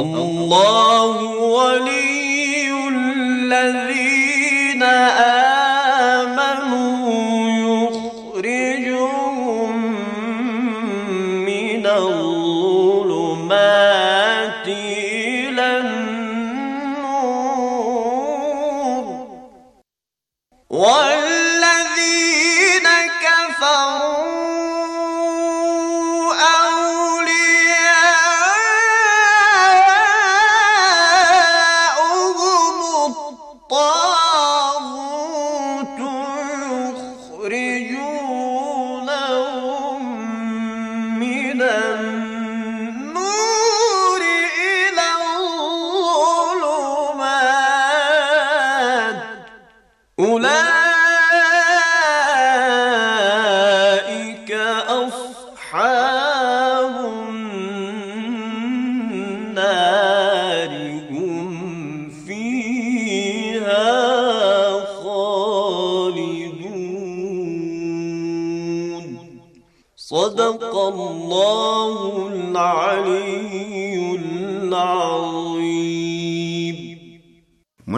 الله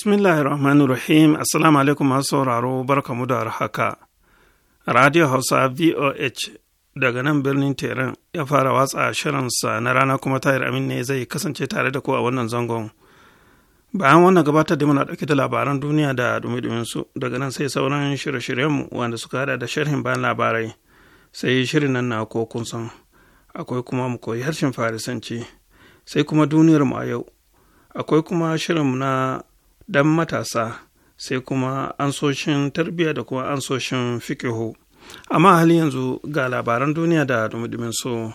Bismillahir Rahmanir Rahim. Assalamu alaikum masu sauraro barkamu da haka. Radio Hausa VOH daga nan birnin teran ya fara watsa shirinsa na rana kuma tayar amin ne zai kasance tare da ku a wannan zangon. Bayan wannan gabatar da muna dauke da labaran duniya da dumi su daga nan sai sauran shirye-shiryenmu wanda suka hada da sharhin bayan labarai sai shirin nan na ko kun san akwai kuma mu koyi harshen farisanci sai kuma duniyar mu a yau akwai kuma shirinmu na dan matasa sai kuma ansoshin tarbiyya da kuma ansoshin fikihu amma hali yanzu ga labaran duniya da dumudumin so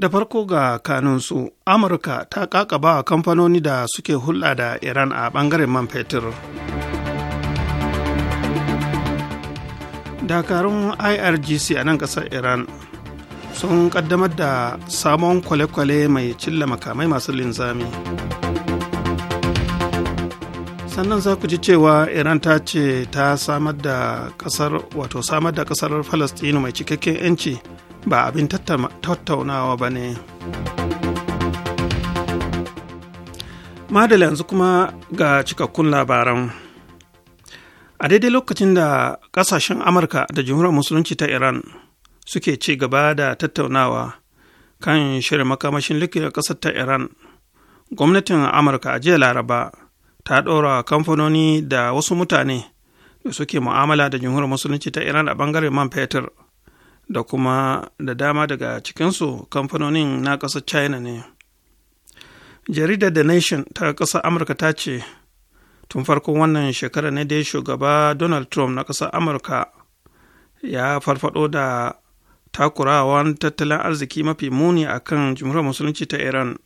da farko ga kanunsu amurka ta kakaba kamfanoni da suke hulɗa da iran a ɓangaren man fetur. dakarun irgc a nan kasar iran sun kaddamar da sabon kwale-kwale mai cilla makamai masu linzami sannan za ku ji cewa iran ta ce ta samar da kasar wato samar da kasar falastinu mai cikakken 'yanci ba abin tattaunawa ba ne madala yanzu kuma ga cikakkun labaran a daidai lokacin da kasashen amurka da jamhuriyar musulunci ta iran suke ci gaba da tattaunawa kan shirin makamashin likita ƙasar ta iran gwamnatin amurka a jiya laraba ta ɗora kamfanoni da wasu mutane da suke mu'amala da jamhuriyar musulunci ta iran a ɓangaren man fetur da kuma da dama daga cikinsu kamfanonin na ƙasar china ne jaridar the nation ta ƙasar amurka ta ce tun farkon wannan shekarar ne dai shugaba donald trump na ƙasar amurka ya farfado da takurawan tattalin arziki mafi muni a kan jumhuriyar musulunci ta iran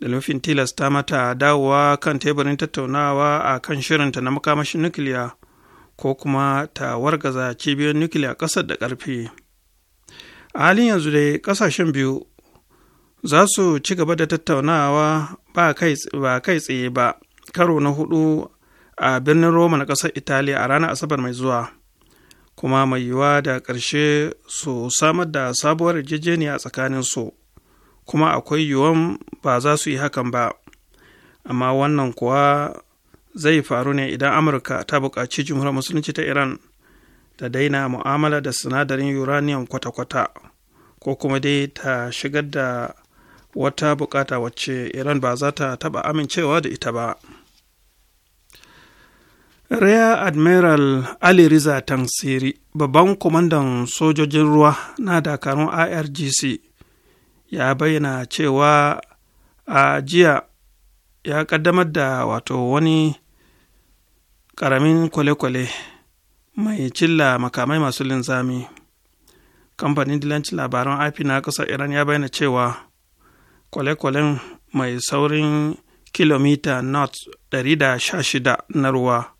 da nufin tilasta mata dawowa kan teburin tattaunawa a kan shirinta na makamashin nukiliya ko kuma ta wargaza cibiyar nukiliya ƙasar da ƙarfi a halin yanzu dai ƙasashen biyu za su ci gaba da tattaunawa ba kai tsaye ba karo na hudu a birnin roma na ƙasar italiya a ranar asabar mai zuwa kuma mai yiwuwa da ƙarshe su samar da sabuwar yarjejeniya a su kuma akwai yiwuwan ba za su yi hakan ba amma wannan kuwa zai faru ne idan amurka ta buƙaci jimhuriyar musulunci ta iran ta daina mu'amala da sinadarin uranium kwata-kwata ko kuma dai ta shigar da wata bukata wacce iran ba za ta taɓa amincewa da ita ba. rear admiral ali riza tansiri babban kwamandan sojojin ruwa na dakarun irgc ya bayyana cewa a jiya ya kaddamar da wato wani ƙaramin kwale-kwale mai cilla makamai masu linzami kamfanin dilancin labaran ip na ƙasar iran ya bayyana cewa kwale-kwalen mai saurin kilomita north 116 na ruwa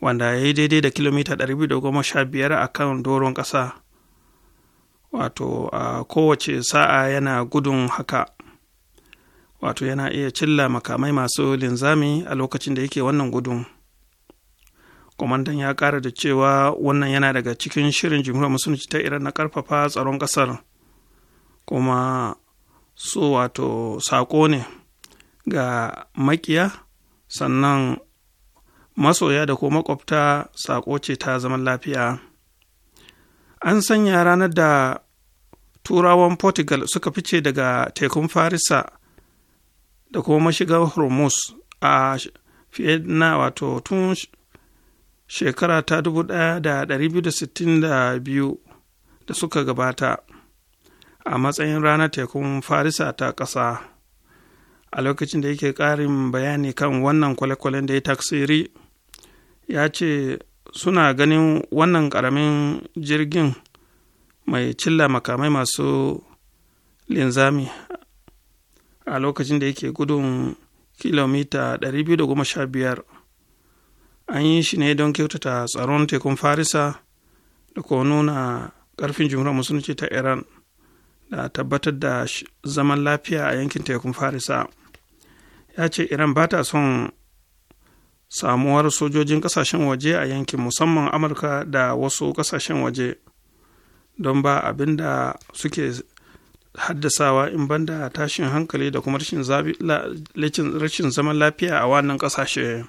wanda ya yi daidai da kilomita 215 a kan doron ƙasa wato a kowace sa'a yana gudun haka wato yana iya cilla makamai masu linzami a lokacin da yake wannan gudun kwamandan ya ƙara da cewa wannan yana daga cikin shirin jimhuriyar musulunci ta iran na ƙarfafa tsaron ƙasar kuma so wato saƙo ne ga makiya sannan masoya da ko makwabta saƙo ce ta zaman lafiya an sanya ranar da turawan portugal suka fice daga tekun farisa da kuma mashigar hormuz a fiye na wato tun shekara ta 1262 da suka gabata a matsayin ranar tekun farisa ta ƙasa a lokacin da yake ƙarin bayani kan wannan kwale-kwalen da ya taksiri ya ce suna ganin wannan ƙaramin jirgin mai cilla makamai masu linzami a lokacin da yake gudun kilomita 215 an yi shi ne don kyautata tsaron tekun farisa da kuma nuna ƙarfin jumhuriyar musulunci ta iran da tabbatar da zaman lafiya a yankin tekun farisa ya ce iran ba ta son samuwar sojojin kasashen waje a yankin musamman amurka da wasu kasashen waje don ba abin da suke haddasawa in banda tashin hankali da kuma rashin zaman lafiya a wannan kasashe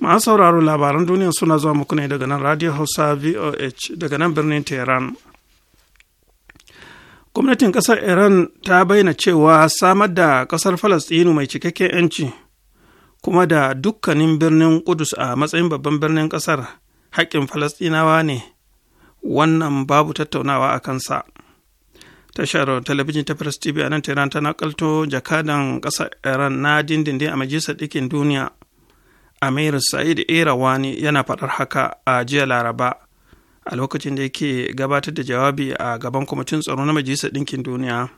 masu sauraro labaran duniya suna zuwa muku ne daga nan radio hausa voh daga nan birnin tehran gwamnatin kasar iran ta bayyana cewa samar da kasar falastinu mai cikakken 'yanci kuma da dukkanin birnin Kudus a matsayin babban birnin ƙasar haƙƙin Falasɗinawa ne, wannan babu tattaunawa a kansa. Tashar talabijin ta Press TV a nan Tehran ta nakalto jakadan ƙasar Iran na dindindin a Majalisar Ɗikin Duniya, Amir Sa'id Irawani yana faɗar haka a jiya Laraba a lokacin da yake gabatar da jawabi a gaban kwamitin tsaro na Majalisar Ɗinkin Duniya.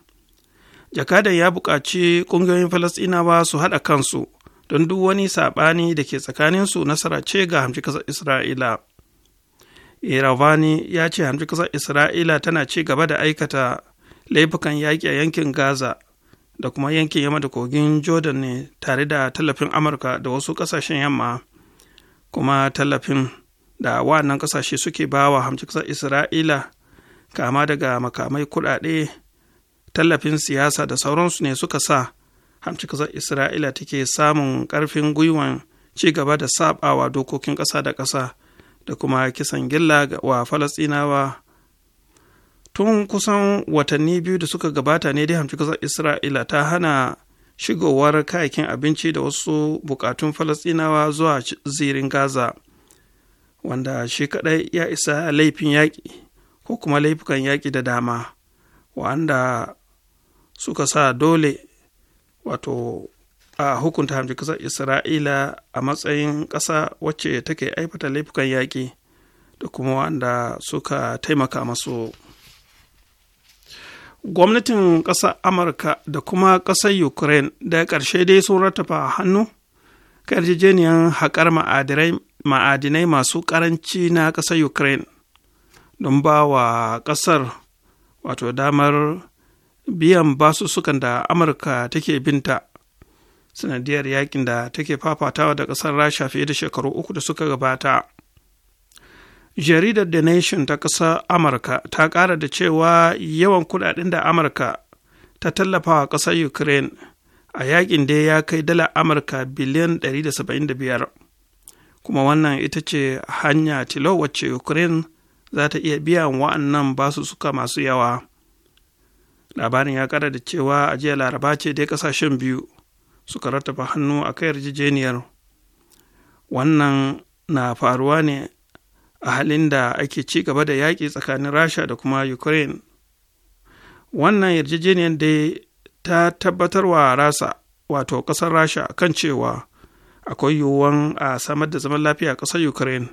Jakadan ya buƙaci ƙungiyoyin Falasɗinawa su haɗa kansu don duk wani saɓani da ke tsakaninsu nasara ce ga hamshi ƙasar isra'ila iravani ya ce hamci ƙasar isra'ila tana ci gaba da aikata laifukan yaƙi a yankin gaza da kuma yankin yamma da kogin jordan ne tare da tallafin amurka da wasu ƙasashen yamma kuma tallafin da wannan ƙasashe suke bawa hamci ƙasar isra'ila kama daga makamai kuɗaɗe tallafin siyasa da sauransu ne suka sa hamci ƙasar isra'ila take samun ƙarfin gwiwan ci gaba da saɓawa dokokin ƙasa da ƙasa da kuma kisan gilla wa falasɗinawa tun kusan watanni biyu da suka gabata ne dai hamci ƙasar isra'ila ta hana shigowar kayakin abinci da wasu bukatun falasɗinawa zuwa zirin gaza wanda shi kaɗai ya isa laifin yaƙi ko kuma laifukan yaƙi da dama wanda suka sa dole wato a hukunta hamjin kasar isra'ila a matsayin ƙasa wacce take aifata laifukan yaƙi da kuma wanda suka taimaka masu gwamnatin ƙasar amurka da kuma ƙasar ukraine da ƙarshe dai sun rattafa hannu kan yarjejeniyar haƙar ma'adinai masu ƙaranci na ƙasar ukraine don ba wa ƙasar wato damar biyan basussukan da amurka take binta sanadiyar yakin da take fafatawa da ƙasar rasha fiye da shekaru uku da suka gabata jaridar the nation ta ƙasar amurka ta ƙara da cewa yawan kudaden da amurka ta tallafa wa ƙasar ukraine a yakin dai ya kai dala amurka biliyan 175 kuma wannan ita ce hanya tilo wacce ukraine za ta iya biyan wa'annan basussuka masu yawa labarin ya kara da cewa a jiya laraba ce dai kasashen biyu suka rattafa hannu a kai yarjejeniyar wannan na faruwa ne a halin da ake ci gaba da yaƙi tsakanin rasha da kuma ukraine wannan yarjejeniyar dai ta wa rasa wato ƙasar rasha kan cewa akwai yiwuwan a samar da zaman lafiya a ƙasar ukraine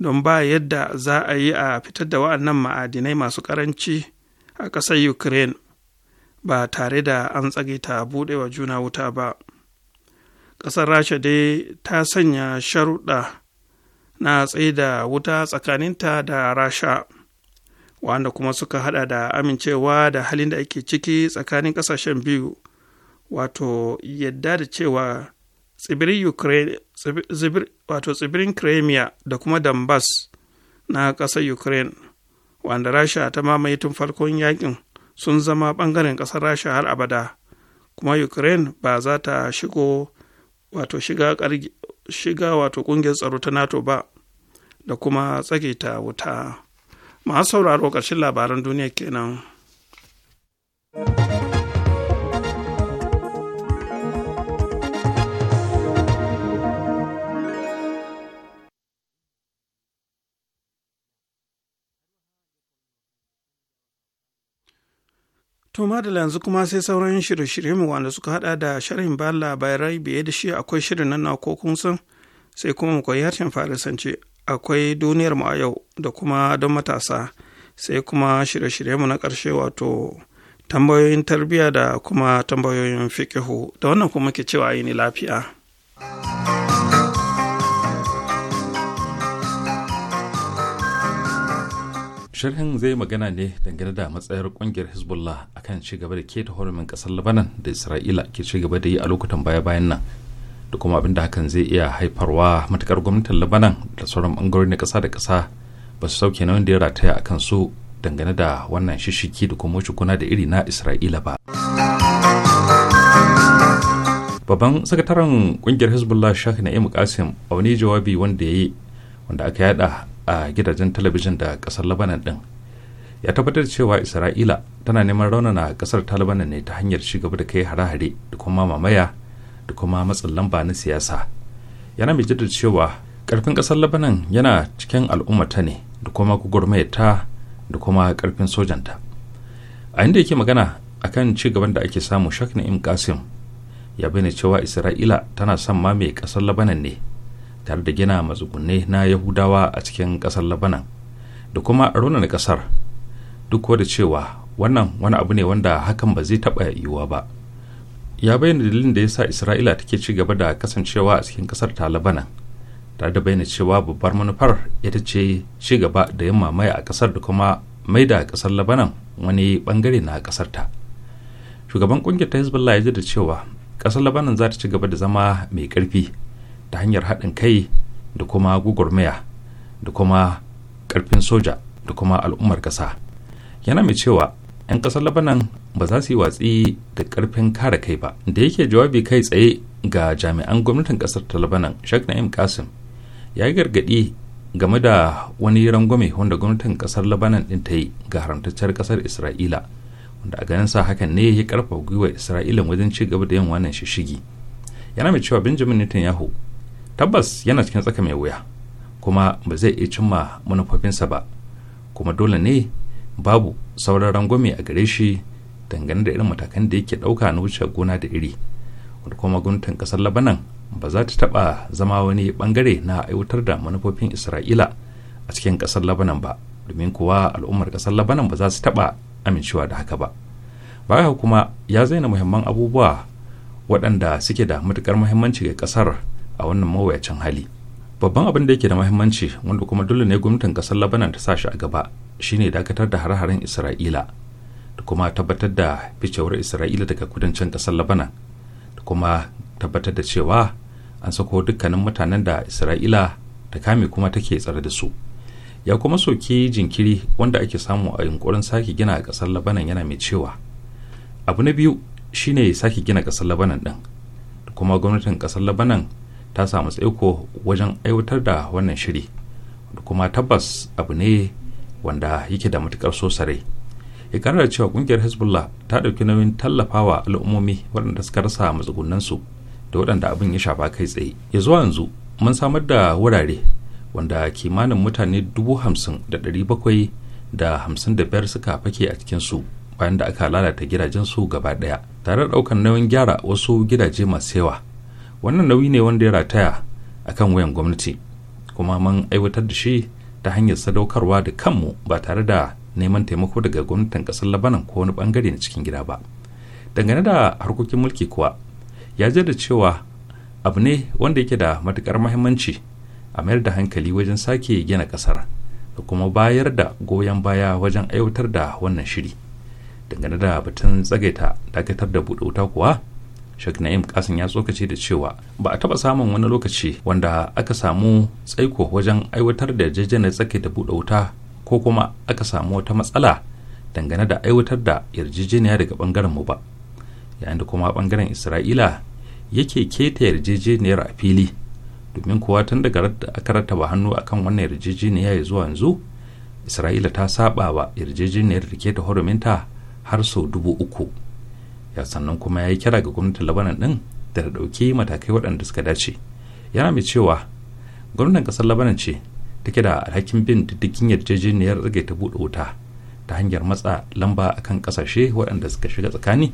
don ba yadda za a yi a fitar da wa'annan ma'adinai masu ƙaranci a ƙasar ukraine ba tare da an tsagaita buɗewa juna wuta ba ƙasar rasha dai ta sanya sharuɗa na tsaida wuta tsakaninta da rasha wanda kuma suka hada da amincewa da halin da ake ciki tsakanin ƙasashen biyu wato yadda da cewa tsibirin ukraine wato tsibirin crimea da kuma donbass na ƙasar ukraine wanda rasha ta mamaye tun farkon yakin sun zama ɓangaren ƙasar rasha har abada kuma ukraine ba za ta shigo wato shiga, wato ƙungiyar tsaro ta nato ba da kuma tsage ta wuta masu sauraro ƙarshen labaran duniya kenan. To da yanzu kuma sai sauran shirye-shirye mu wanda suka hada da sharhin bayan labarai biye da shi akwai shirin nan na kun san sai kuma mu koyi harshen farisance akwai duniyar mu a yau da kuma don matasa sai kuma shirye-shirye mu na karshe wato tambayoyin tarbiyya da kuma tambayoyin fikihu da wannan kuma ke cewa yi ni lafiya. sharhin zai magana ne dangane da matsayar kungiyar hezbollah akan ci gaba da keta horumin kasar labanan da isra'ila ke ci gaba da yi a lokutan baya-bayan nan da kuma abin da hakan zai iya haifarwa matukar gwamnatin labanan da sauran bangarori na kasa da kasa ba su sauke na da ya rataya akan su dangane da wannan shishiki da kuma wuce da iri na isra'ila ba babban sakataren kungiyar hezbollah na na'im kasim a wani jawabi wanda ya yi wanda aka yada a gidajen talabijin da kasar labanan din ya tabbatar cewa isra'ila tana neman raunana kasar ƙasar ne ta hanyar ci da kai hare-hare da kuma mamaya da kuma matsin lamba na siyasa yana mai jaddada cewa karfin kasar labanan yana cikin al'ummata ne da kuma ta da kuma karfin sojanta a inda yake magana akan ci gaban da ake samu shak im kasim ya bayyana cewa isra'ila tana son mamaye kasar labanan ne tare da gina matsugunne na yahudawa a cikin ƙasar labanan da kuma na ƙasar duk da cewa wannan wani abu ne wanda hakan ba zai taɓa yiwuwa ba ya bayyana dalilin da ya sa isra'ila take ci gaba da kasancewa a cikin ƙasar ta labanan tare da bayyana cewa babbar manufar ita ce ci gaba da yin mamaya a ƙasar da kuma mai da ƙasar labanan wani bangare na ƙasar ta shugaban ƙungiyar ta hezbollah ya ji da cewa ƙasar labanan za ta ci gaba da zama mai ƙarfi ta hanyar haɗin kai da kuma gugurmaya da kuma ƙarfin soja da kuma al'ummar ƙasa yana mai cewa 'yan ƙasar labanan ba za su yi watsi da ƙarfin kare kai ba da yake jawabi kai tsaye ga jami'an gwamnatin ƙasar ta labanan shak na'im kasim ya yi gargaɗi game da wani rangwame wanda gwamnatin ƙasar labanan ɗin ta yi ga haramtacciyar ƙasar isra'ila wanda a ganin sa hakan ne ya karfafa gwiwa isra'ila wajen ci gaba da yin wannan shishigi yana mai cewa benjamin netanyahu tabbas yana cikin tsaka mai wuya kuma ba zai iya cimma manufofinsa ba kuma dole ne babu sauran rangwame a gare shi dangane da irin matakan da yake ɗauka na wuce gona da iri wanda kuma gwamnatin ƙasar labanan ba za ta taɓa zama wani bangare na aiwatar da manufofin isra'ila a cikin ƙasar labanan ba domin kuwa al'ummar ƙasar labanan ba za su taɓa amincewa da haka ba baya kuma ya zaina muhimman abubuwa waɗanda suke da matukar muhimmanci ga ƙasar a wannan mawuyacin hali babban abin da yake da mahimmanci wanda kuma dole ne gwamnatin kasar labanan ta sa shi a gaba shine dakatar da hare-haren isra'ila da kuma tabbatar da ficewar isra'ila daga kudancin kasar labanan da kuma tabbatar da cewa an sako dukkanin mutanen da isra'ila ta kame kuma take tsare da su ya kuma soke jinkiri wanda ake samu a yunkurin sake gina kasar labanan yana mai cewa abu na biyu shine sake gina kasar labanan din da kuma gwamnatin kasar labanan ta samu tsaiko wajen aiwatar da wannan shiri kuma tabbas abu ne wanda yake da matukar so sarai ya karar cewa kungiyar hezbollah ta ɗauki nauyin tallafawa al'ummomi waɗanda suka rasa matsugunansu da waɗanda abin ya shafa kai tsaye ya zuwa yanzu mun samar da wurare wanda kimanin mutane dubu hamsin da ɗari bakwai da hamsin da biyar suka fake a cikinsu bayan da aka lalata gidajensu gaba ɗaya tare da ɗaukar nauyin gyara wasu gidaje masu yawa wannan nauyi ne wanda ya rataya a kan wayan gwamnati kuma mun aiwatar da shi ta hanyar sadaukarwa da kanmu ba tare da neman taimako daga gwamnatin kasar labanan ko wani bangare na cikin gida ba dangane da harkokin mulki kuwa ya da cewa abu ne wanda yake da matukar mahimmanci a mayar da hankali wajen sake gina kasar da kuma bayar da goyon baya wajen aiwatar da wannan shiri dangane da batun tsagaita dakatar da buɗe wuta kuwa Sheikh Na'im Kasim ya tsokace da cewa ba a taba samun wani lokaci wanda aka samu tsaiko wajen aiwatar da yarjejeniyar tsake da buɗe wuta ko kuma aka samu wata matsala dangane da aiwatar da yarjejeniya daga bangaren mu ba. Yayin da kuma ɓangaren Isra'ila yake keta yarjejeniyar a fili domin kuwa tun daga da aka rattaba hannu akan wannan yarjejeniya ya zuwa yanzu isra'ila ta saba wa yarjejeniyar da ke ta horuminta har sau dubu uku ya sannan kuma ya yi kira ga gwamnatin labanan din da ta ɗauki matakai waɗanda suka dace yana mai cewa gwamnatin ƙasar labanan ce take da alhakin bin diddigin yarjejeniyar rage ta buɗe wuta ta hanyar matsa lamba akan kasashe waɗanda suka shiga tsakani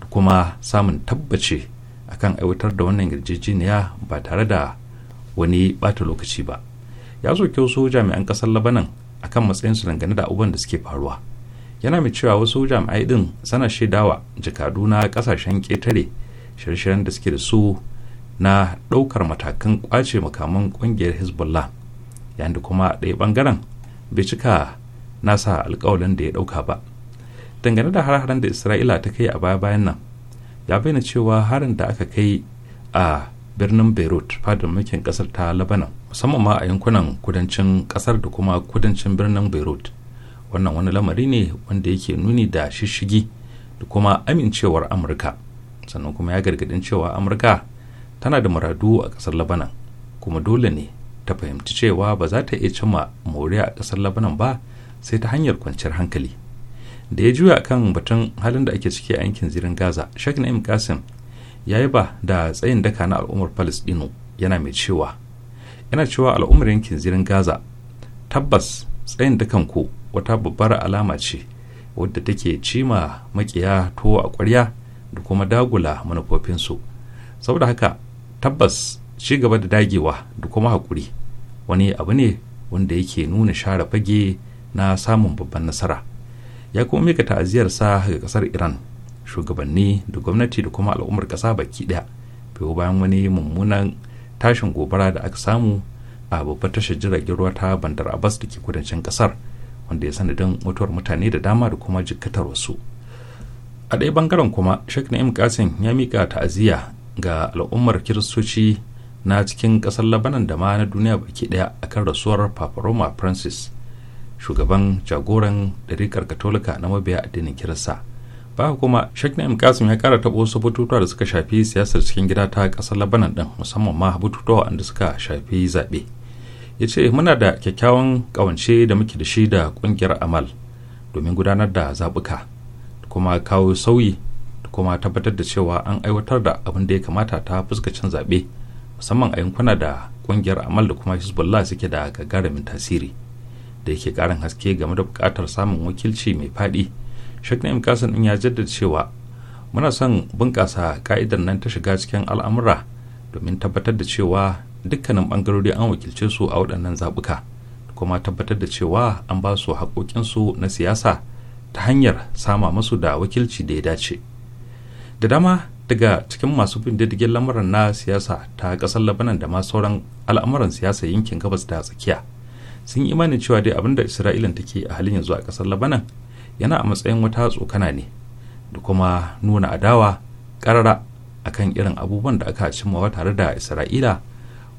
da kuma samun tabbace akan aiwatar da wannan yarjejeniya ba tare da wani bata lokaci ba ya soke wasu jami'an ƙasar labanan akan matsayinsu dangane da abubuwan da suke faruwa yana mai cewa wasu jami'ai din sana shaidawa jakadu na kasashen ketare shirye-shiryen da suke da su na ɗaukar matakan ƙwace makaman ƙungiyar hezbollah yayin da kuma ɗaya bangaren bai cika nasa alkawalin da ya ɗauka ba dangane da har-haren da isra'ila ta kai a baya-bayan nan ya bayyana cewa harin da aka kai a birnin beirut fadar mulkin kasar ta labanan musamman ma a yankunan kudancin kasar da kuma kudancin birnin beirut wannan wani lamari ne wanda yake nuni da shishigi da kuma amincewar amurka sannan kuma ya gargadin cewa amurka tana da muradu a ƙasar labanan kuma dole ne ta fahimci cewa ba za ta iya cimma moriya a ƙasar labanan ba sai ta hanyar kwanciyar hankali da ya juya kan batun halin da ake ciki a yankin zirin gaza shak na'im kasim ya yi ba da tsayin daka na al'ummar palestino yana mai cewa yana cewa al'ummar yankin zirin gaza tabbas tsayin dakan ku wata babbar alama ce wadda take cima makiya to a ƙwarya da kuma dagula manufofinsu saboda haka tabbas ci gaba da dagewa da kuma haƙuri wani abu ne wanda yake nuna share fage na samun babban nasara ya kuma mika ta'aziyarsa ga kasar iran shugabanni da gwamnati da kuma al'ummar ƙasa baki ɗaya biyu bayan wani mummunan tashin gobara da aka samu a babbar tashar jiragen ruwa ta bandar abbas da ke kudancin ƙasar wanda ya sani dan mutuwar mutane da dama da kuma jikkatar wasu a ɗaya bangaren kuma sheikh na'im kasim ya mika ta'aziyya ga al'ummar kiristoci na cikin ƙasar labanan da ma na duniya baki ɗaya a kan rasuwar papa roma francis shugaban jagoran ɗarikar katolika na mabiya addinin kirista ba kuma shek na'im kasim ya kara taɓo wasu bututuwa da suka shafi siyasar cikin gida ta ƙasar labanan ɗin musamman ma bututuwa wanda suka shafi zaɓe ya ce muna da kyakkyawan kawance da muke da shi da ƙungiyar amal domin gudanar da zabuka da kuma kawo sauyi da kuma tabbatar da cewa an aiwatar da abin da ya kamata ta fuskacin zaɓe musamman a yankuna da ƙungiyar amal da kuma hezbollah suke da gagarumin tasiri da yake karin haske game da buƙatar samun wakilci mai faɗi shek na'im kasan din ya jaddada cewa muna son bunƙasa ka'idar nan ta shiga cikin al'amura domin tabbatar da cewa dukkanin bangarori an wakilce su a waɗannan zabuka kuma tabbatar da cewa an ba su haƙoƙinsu na siyasa ta hanyar sama masu da wakilci da ya dace da dama daga cikin masu bin diddigin lamuran na siyasa ta ƙasar labanan da ma sauran al'amuran siyasa yankin gabas da tsakiya sun yi imanin cewa dai abinda isra'ilan take a halin yanzu a ƙasar labanan yana a matsayin wata tsokana ne da kuma nuna adawa ƙarara akan irin abubuwan da aka cimmawa tare da isra'ila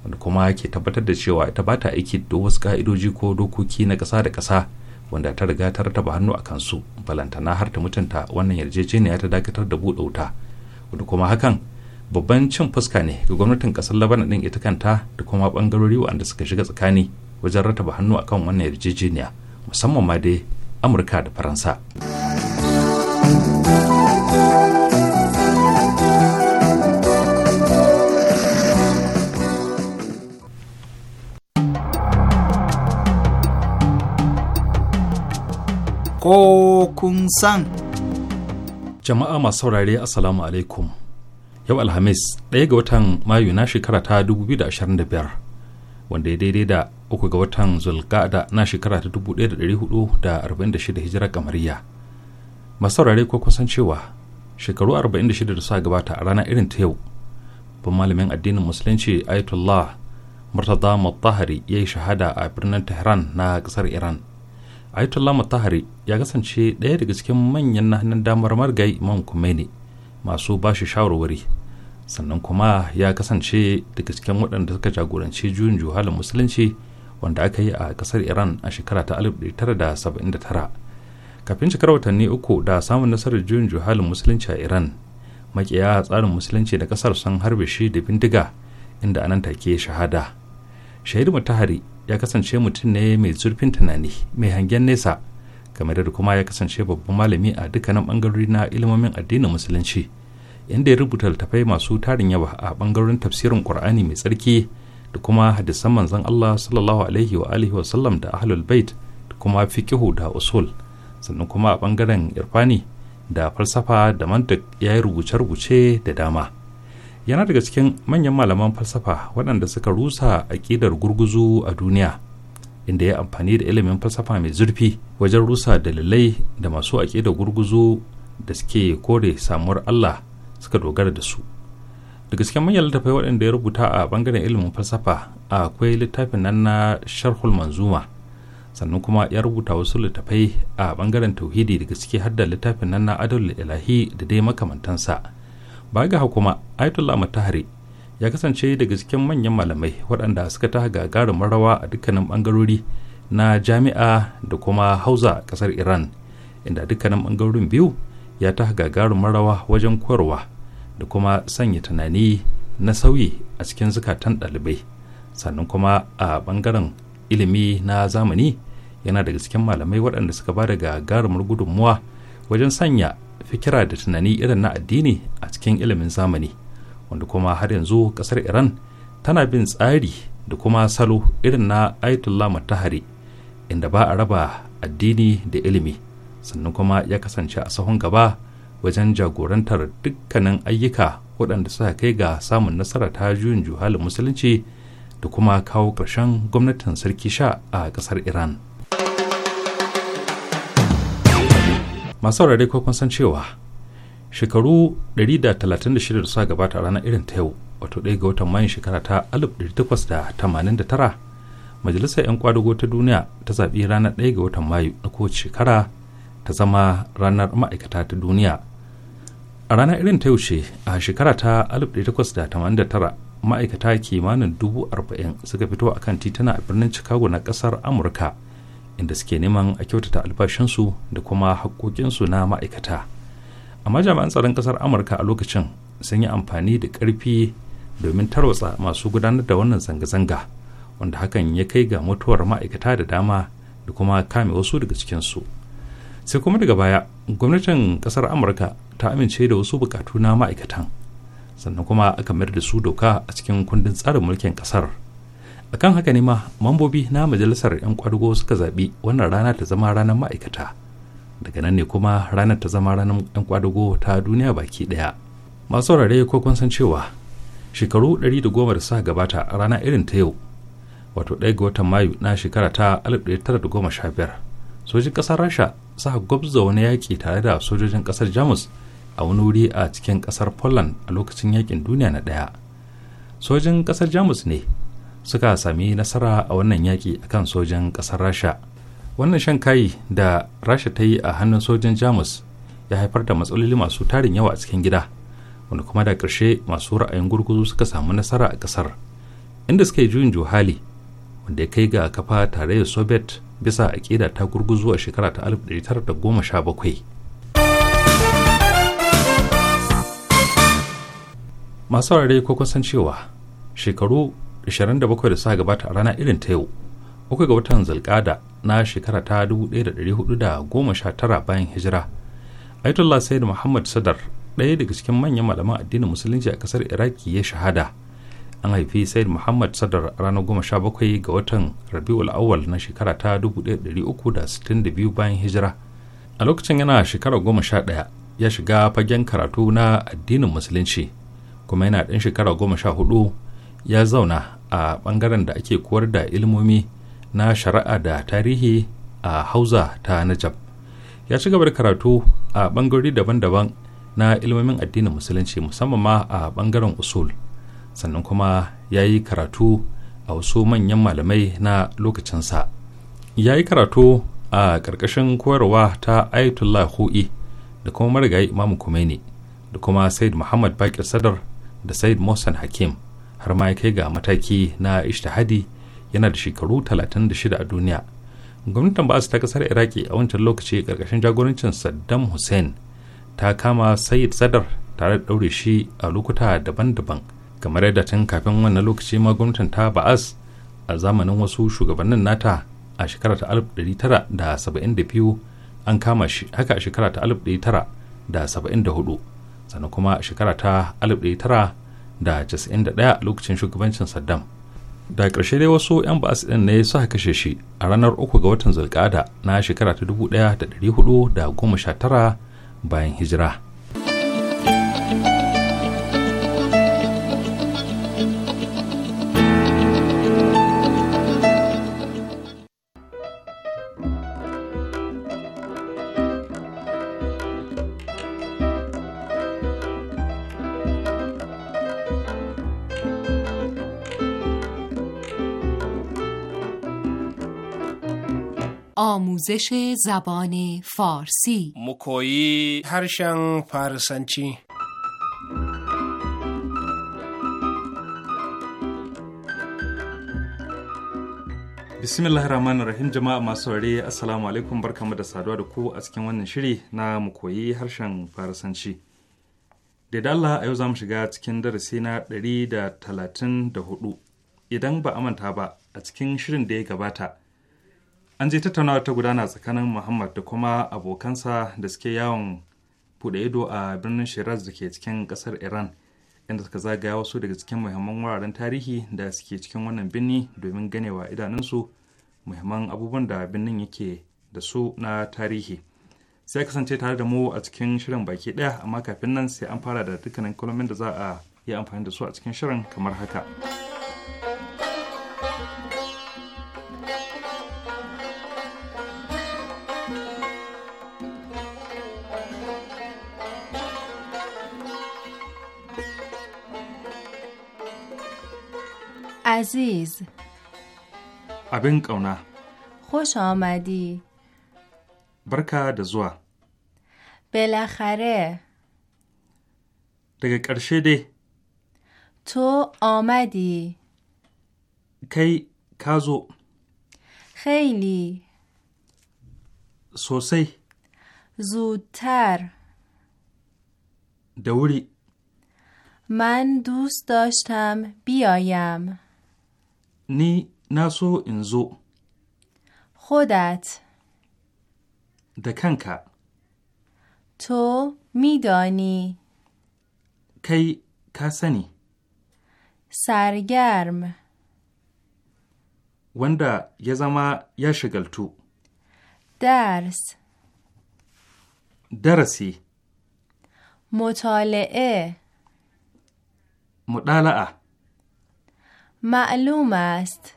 wanda kuma ke tabbatar da cewa ita ba ta aiki da wasu ka'idoji ko dokoki na ƙasa da ƙasa wanda ta riga ta rataba hannu a kansu balantana har ta mutunta wannan yarjejeniya ta dakatar da buɗe wuta wanda kuma hakan babban cin fuska ne ga gwamnatin ƙasar labanan ɗin ita kanta da kuma ɓangarori waɗanda suka shiga tsakani wajen rataba hannu akan wannan yarjejeniya musamman ma dai amurka da faransa. ko kun san. Jama'a masu saurare Assalamu alaikum. Yau Alhamis ɗaya ga watan Mayu na shekara ta 2025 wanda ya daidai da uku ga watan zulgada na shekara ta 1446 hijirar kamariya. Masu saurare ko kusan cewa shekaru 46 da suka gabata a ranar irin ta yau. ban malamin addinin Musulunci Ayatollah murtaza Mutahari ya yi shahada a birnin Tehran na ƙasar Iran. Ayatollah Mutahari ya kasance ɗaya daga cikin manyan na hannun damar margayi Imam Khomeini masu ba shi shawarwari sannan kuma ya kasance daga cikin waɗanda suka jagoranci juyin juhalin musulunci wanda aka yi a ƙasar Iran a shekara ta 1979 kafin cikar watanni uku da samun nasarar juyin juhalin musulunci a Iran makiya tsarin musulunci da ƙasar sun harbe shi da bindiga inda anan take shahada shahidu mutahari ya kasance mutum ne mai zurfin tunani mai hangen nesa kamar da kuma ya kasance babban malami a dukkanin bangarori na ilimomin addinin musulunci inda ya rubuta littattafai masu tarin yawa a bangarorin tafsirin qur'ani mai tsarki da kuma hadisan manzon Allah sallallahu alaihi wa alihi wa sallam da ahlul bait da kuma fiqhu da usul sannan kuma a bangaren irfani da falsafa da mantik ya yi rubuce-rubuce da dama yana daga cikin manyan malaman falsafa waɗanda suka rusa aƙidar gurguzu a duniya inda ya amfani da ilimin falsafa mai zurfi wajen rusa dalilai da masu aƙidar gurguzu da suke kore samuwar Allah suka dogara da su daga cikin manyan littafai waɗanda ya rubuta a bangaren ilimin falsafa akwai littafin nan na sharhul manzuma sannan kuma ya rubuta wasu littafai a bangaren tauhidi daga ciki har da littafin nan na adal ilahi da dai makamantansa baga ga kuma Ayatollah Mutahari ya kasance daga cikin manyan malamai waɗanda suka ta gagarin marawa a dukkanin ɓangarori na jami'a da kuma hauza ƙasar Iran inda dukkanin ɓangarorin biyu ya ta gagarin marawa wajen koyarwa da kuma sanya tunani na sauyi a cikin zukatan ɗalibai sannan kuma a ɓangaren ilimi na zamani yana daga cikin malamai waɗanda suka ba da gagarumar gudunmuwa wajen sanya fikira da tunani irin na addini a cikin ilimin zamani wanda kuma har yanzu kasar iran tana bin tsari da kuma salo irin na aitullah matahari inda ba a raba addini da ilimi sannan kuma ya kasance a sahun gaba wajen jagorantar dukkanin ayyuka waɗanda suka kai ga samun nasara ta juyin juhalin musulunci da kuma kawo ƙarshen gwamnatin sarki sha a ƙasar iran masu saurare ko kun san cewa shekaru 136 da suka gabata ranar irin ta yau wato ɗaya ga watan mayun shekara ta 1889 majalisar 'yan kwadago ta duniya ta zaɓi ranar ɗaya ga watan mayu na kowace shekara ta zama ranar ma'aikata ta duniya a ranar irin ta yau ce a shekara ta 1889 ma'aikata kimanin dubu arba'in suka fito a kan tituna a birnin chicago na ƙasar amurka inda suke neman a kyautata albashinsu da kuma haƙoƙinsu na ma'aikata amma jami'an tsaron ƙasar amurka a lokacin sun yi amfani da ƙarfi domin tarwatsa masu gudanar da wannan zanga-zanga wanda hakan ya kai ga mutuwar ma'aikata da dama da kuma kame wasu daga cikinsu sai kuma daga baya gwamnatin ƙasar amurka ta amince da wasu bukatu na ma'aikatan sannan kuma aka mayar da su doka a cikin kundin tsarin mulkin ƙasar akan haka ne ma mambobi na majalisar 'yan kwadugo suka zaɓi wannan rana ta zama ranar ma'aikata daga nan ne kuma ranar ta zama ranar 'yan kwadugo ta duniya baki ɗaya masu rare ko kun san cewa shekaru 110 da suka gabata a rana irin ta yau wato ɗaya ga watan mayu na shekara ta 1915 sojin ƙasar rasha sa gwabza wani yaki tare da sojojin ƙasar jamus a wani wuri a cikin ƙasar poland a lokacin yakin duniya na ɗaya sojin ƙasar jamus ne suka sami nasara a wannan yaƙi kan sojan ƙasar rasha wannan shan kayi da rasha ta yi a hannun sojan jamus ya haifar da matsaloli masu tarin yawa a cikin gida wanda kuma da ƙarshe masu ra'ayin gurguzu suka samu nasara a ƙasar inda suka yi juyin juhali wanda ya kai ga kafa tarayyar soviet bisa aƙida ta gurguzu a shekara ta 1917 masu rarrai ko kusan cewa shekaru 27 da suka gabata a rana irin ta yau uku ga watan zalkada na shekara ta 1419 bayan hijira ayatollah sayyid muhammad sadar ɗaya daga cikin manyan malaman addinin musulunci a ƙasar iraki ya shahada an haifi sayyid muhammad sadar ranar 17 ga watan rabiul Awal na shekara ta 1362 bayan hijira a lokacin yana shekara 11 ya shiga fagen karatu na addinin musulunci kuma yana ɗan shekara goma sha hudu ya zauna a bangaren da ake koyar da ilmomi na shari'a da tarihi a hauza ta najab ya ci gaba da karatu a bangarori daban-daban na ilmomin addinin musulunci musamman ma a bangaren usul sannan kuma ya yi karatu a wasu manyan malamai na lokacinsa ya yi karatu a ƙarƙashin koyarwa ta ayatollah hu'i da kuma marigayi imamu kumaini da kuma said muhammad bakir sadar da said mohsen hakim har ma ya kai ga mataki na ishtihadi yana da shekaru 36 a duniya gwamnatin ba'as ta kasar iraki a wancan lokaci karkashin jagorancin saddam hussein ta kama sayyid sadar tare da ɗaure shi a lokuta daban-daban kamar yadda tun kafin wannan lokaci ma gwamnatin ta ba'as a zamanin wasu shugabannin nata a shekara ta 1972 an kama shi haka a shekara ta 1974 sannan kuma a shekara ta da 91 a lokacin shugabancin saddam da karshe dai wasu 'yan ba'as ɗin ne suka kashe shi a ranar uku ga watan zulkada na shekara ta dubu da da hudu goma sha tara bayan hijira آموزش زبان فارسی harshen هرشن فارسنچی bismillahir rahmanir rahim jama'a masu saurare assalamu alaikum barkamu da saduwa da ku a cikin wannan shiri na mu koyi harshen farasanci da Allah a yau za mu shiga cikin darasi na ɗari da talatin da hudu idan ba a manta ba a cikin shirin da ya gabata an je tattaunawa ta gudana tsakanin muhammad da kuma abokansa da suke yawon buɗe ido a birnin shiraz da ke cikin ƙasar iran inda suka zagaya wasu daga cikin muhimman wuraren tarihi da suke cikin wannan birni domin ganewa idanunsu muhimman abubuwan da birnin yake da su na tarihi sai kasance tare da mu a cikin shirin baki ɗaya amma kafin nan sai an fara da dukkanin kalamin da za a yi amfani da su a cikin shirin kamar haka. عزیز ابن قونا خوش آمدی برکا دزوا بالاخره دگه کرشه دی تو آمدی کی کازو خیلی سوسی زودتر دوری من دوست داشتم بیایم ni na so in zo. Khodat. Da kanka. To midani. Kai ka sani. Sargarm. Wanda ya zama ya shigaltu. Dars. Darasi. مطالعه مطالعه معلوم است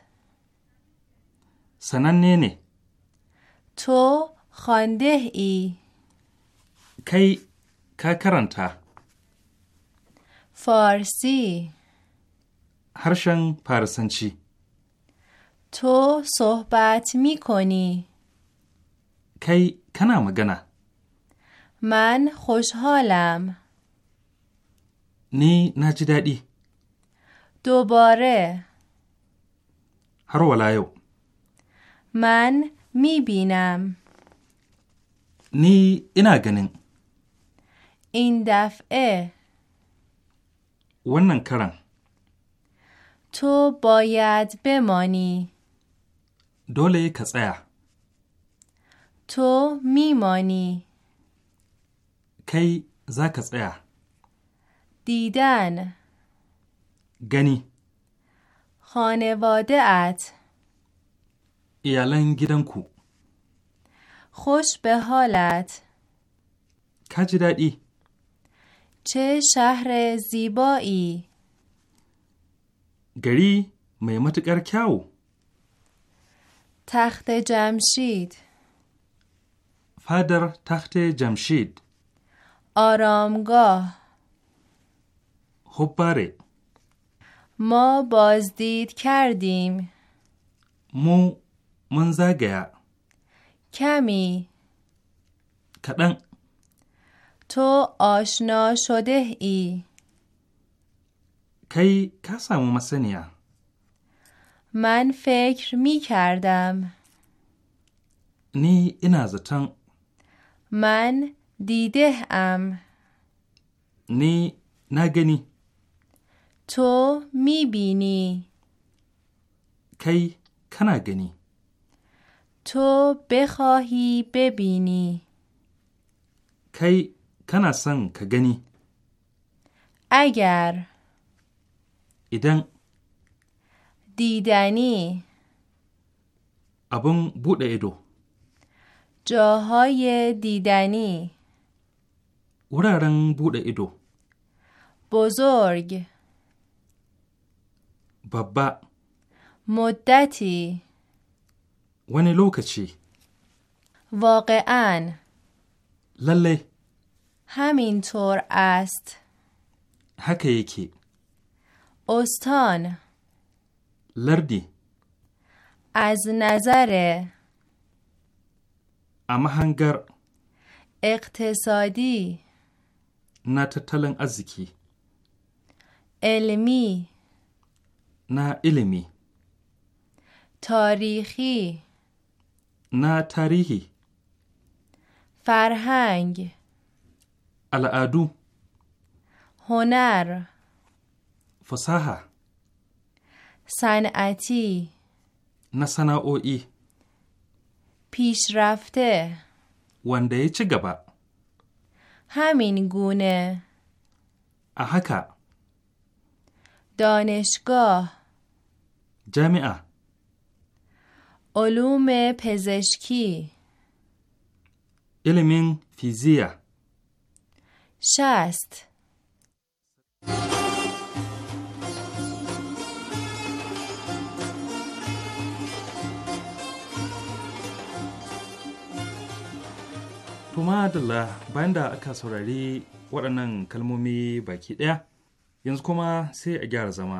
سنن نینه تو خانده ای کی که کرنتا فارسی هرشن پارسنچی تو صحبت می کنی کی کنا مگنا من خوشحالم نی نجدادی دوباره هر ولایو من میبینم نی اینا گنین این دفعه ونن کرن تو باید بمانی دوله کسایا تو میمانی کی زا کسایا دیدن گنی خانواده ات ایالن گیدن کو خوش به حالت کج چه شهر زیبایی گری می متقر تخت جمشید فدر تخت جمشید آرامگاه خوب ما بازدید کردیم مو من کمی کدن تو آشنا شده ای کی کسا مسنیا من فکر می کردم نی اینا زتن من دیده ام نی نگنی تو میبینی کی کنگنی تو بخواهی ببینی کی کنا کگنی. اگر ایدن دیدنی ابون بوده ایدو جاهای دیدنی ورارن بوده ایدو بزرگ بابا مدتی ونی لوکچی واقعا لله همینطور است هکه یکی استان لردی از نظر اما اقتصادی نه تتلن علمی نه علمی تاریخی نه تاریخی فرهنگ العدو هنر فساحه صنعتی نه صناعویی پیشرفته ونده ya همین گونه. احکا دانشگاه جامعه علوم پزشکی علم فیزیا شست Tuma Adalla bayan da aka saurari waɗannan kalmomi baki ɗaya, yanzu kuma sai a gyara zama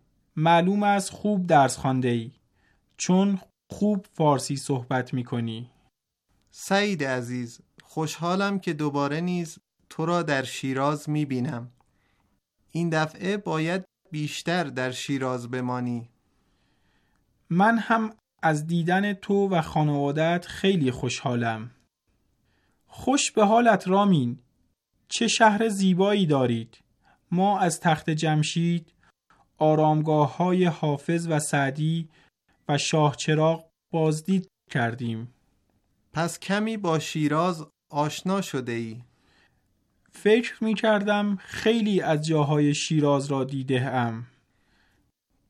معلوم از خوب درس خانده ای چون خوب فارسی صحبت می کنی سعید عزیز خوشحالم که دوباره نیز تو را در شیراز می بینم این دفعه باید بیشتر در شیراز بمانی من هم از دیدن تو و خانوادت خیلی خوشحالم خوش به حالت رامین چه شهر زیبایی دارید ما از تخت جمشید آرامگاه های حافظ و سعدی و شاه چراغ بازدید کردیم پس کمی با شیراز آشنا شده ای؟ فکر می کردم خیلی از جاهای شیراز را دیده ام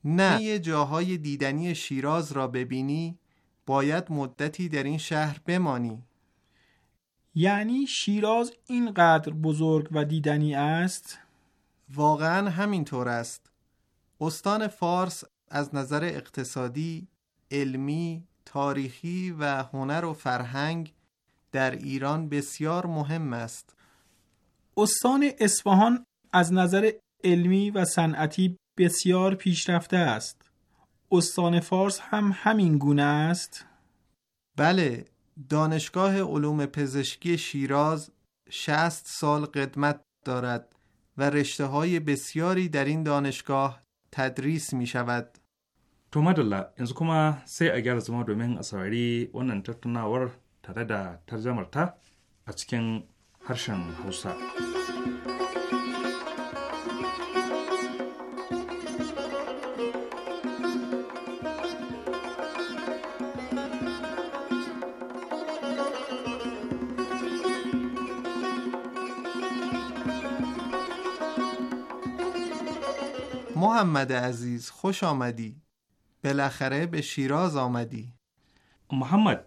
نه یه جاهای دیدنی شیراز را ببینی باید مدتی در این شهر بمانی یعنی شیراز اینقدر بزرگ و دیدنی است؟ واقعا همینطور است استان فارس از نظر اقتصادی، علمی، تاریخی و هنر و فرهنگ در ایران بسیار مهم است. استان اصفهان از نظر علمی و صنعتی بسیار پیشرفته است. استان فارس هم همین گونه است؟ بله، دانشگاه علوم پزشکی شیراز 60 سال قدمت دارد و رشته های بسیاری در این دانشگاه tadris mi shabad. To madalla yanzu kuma sai a gyara zama domin a saurari wannan tattunawar tare da tarjamarta a cikin harshen Hausa. محمد عزیز خوش آمدی بالاخره به شیراز آمدی محمد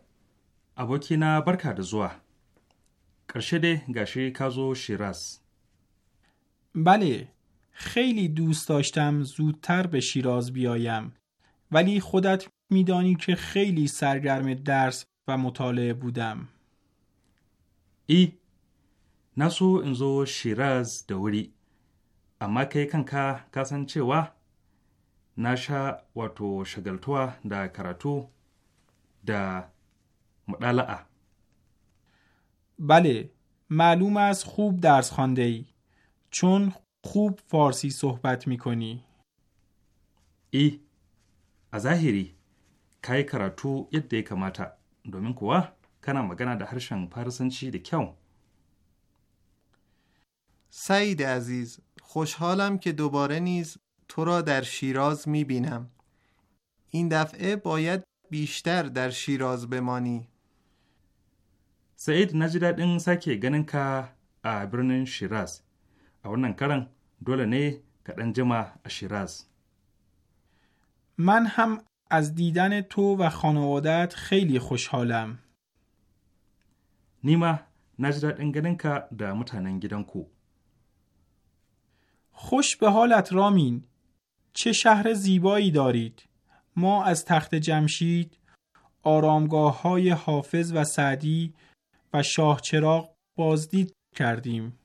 abokina barka زوا zuwa ƙarshe کازو شیراز بله خیلی دوست داشتم زودتر به شیراز بیایم ولی خودت میدانی که خیلی سرگرم درس و مطالعه بودم ای نسو انزو شیراز دوری amma kai kanka ka san cewa na sha wato shagaltuwa da karatu da muɗala'a. bale malumas hub da a skwandai tun hub for si mikoni. e a zahiri ka karatu yadda ya kamata domin kuwa kana magana da harshen farisanci da kyau. sai da aziza. خوشحالم که دوباره نیز تو را در شیراز می بینم این دفعه باید بیشتر در شیراز بمانی سعید نجدت این سکی گنن که برنن شیراز. اونن کرن دوله karan کرن جمع شیراز. من هم از دیدن تو و خانوادت خیلی خوشحالم. نیما این گنن که در متنن گیدن خوش به حالت رامین چه شهر زیبایی دارید ما از تخت جمشید آرامگاه های حافظ و سعدی و شاه چراغ بازدید کردیم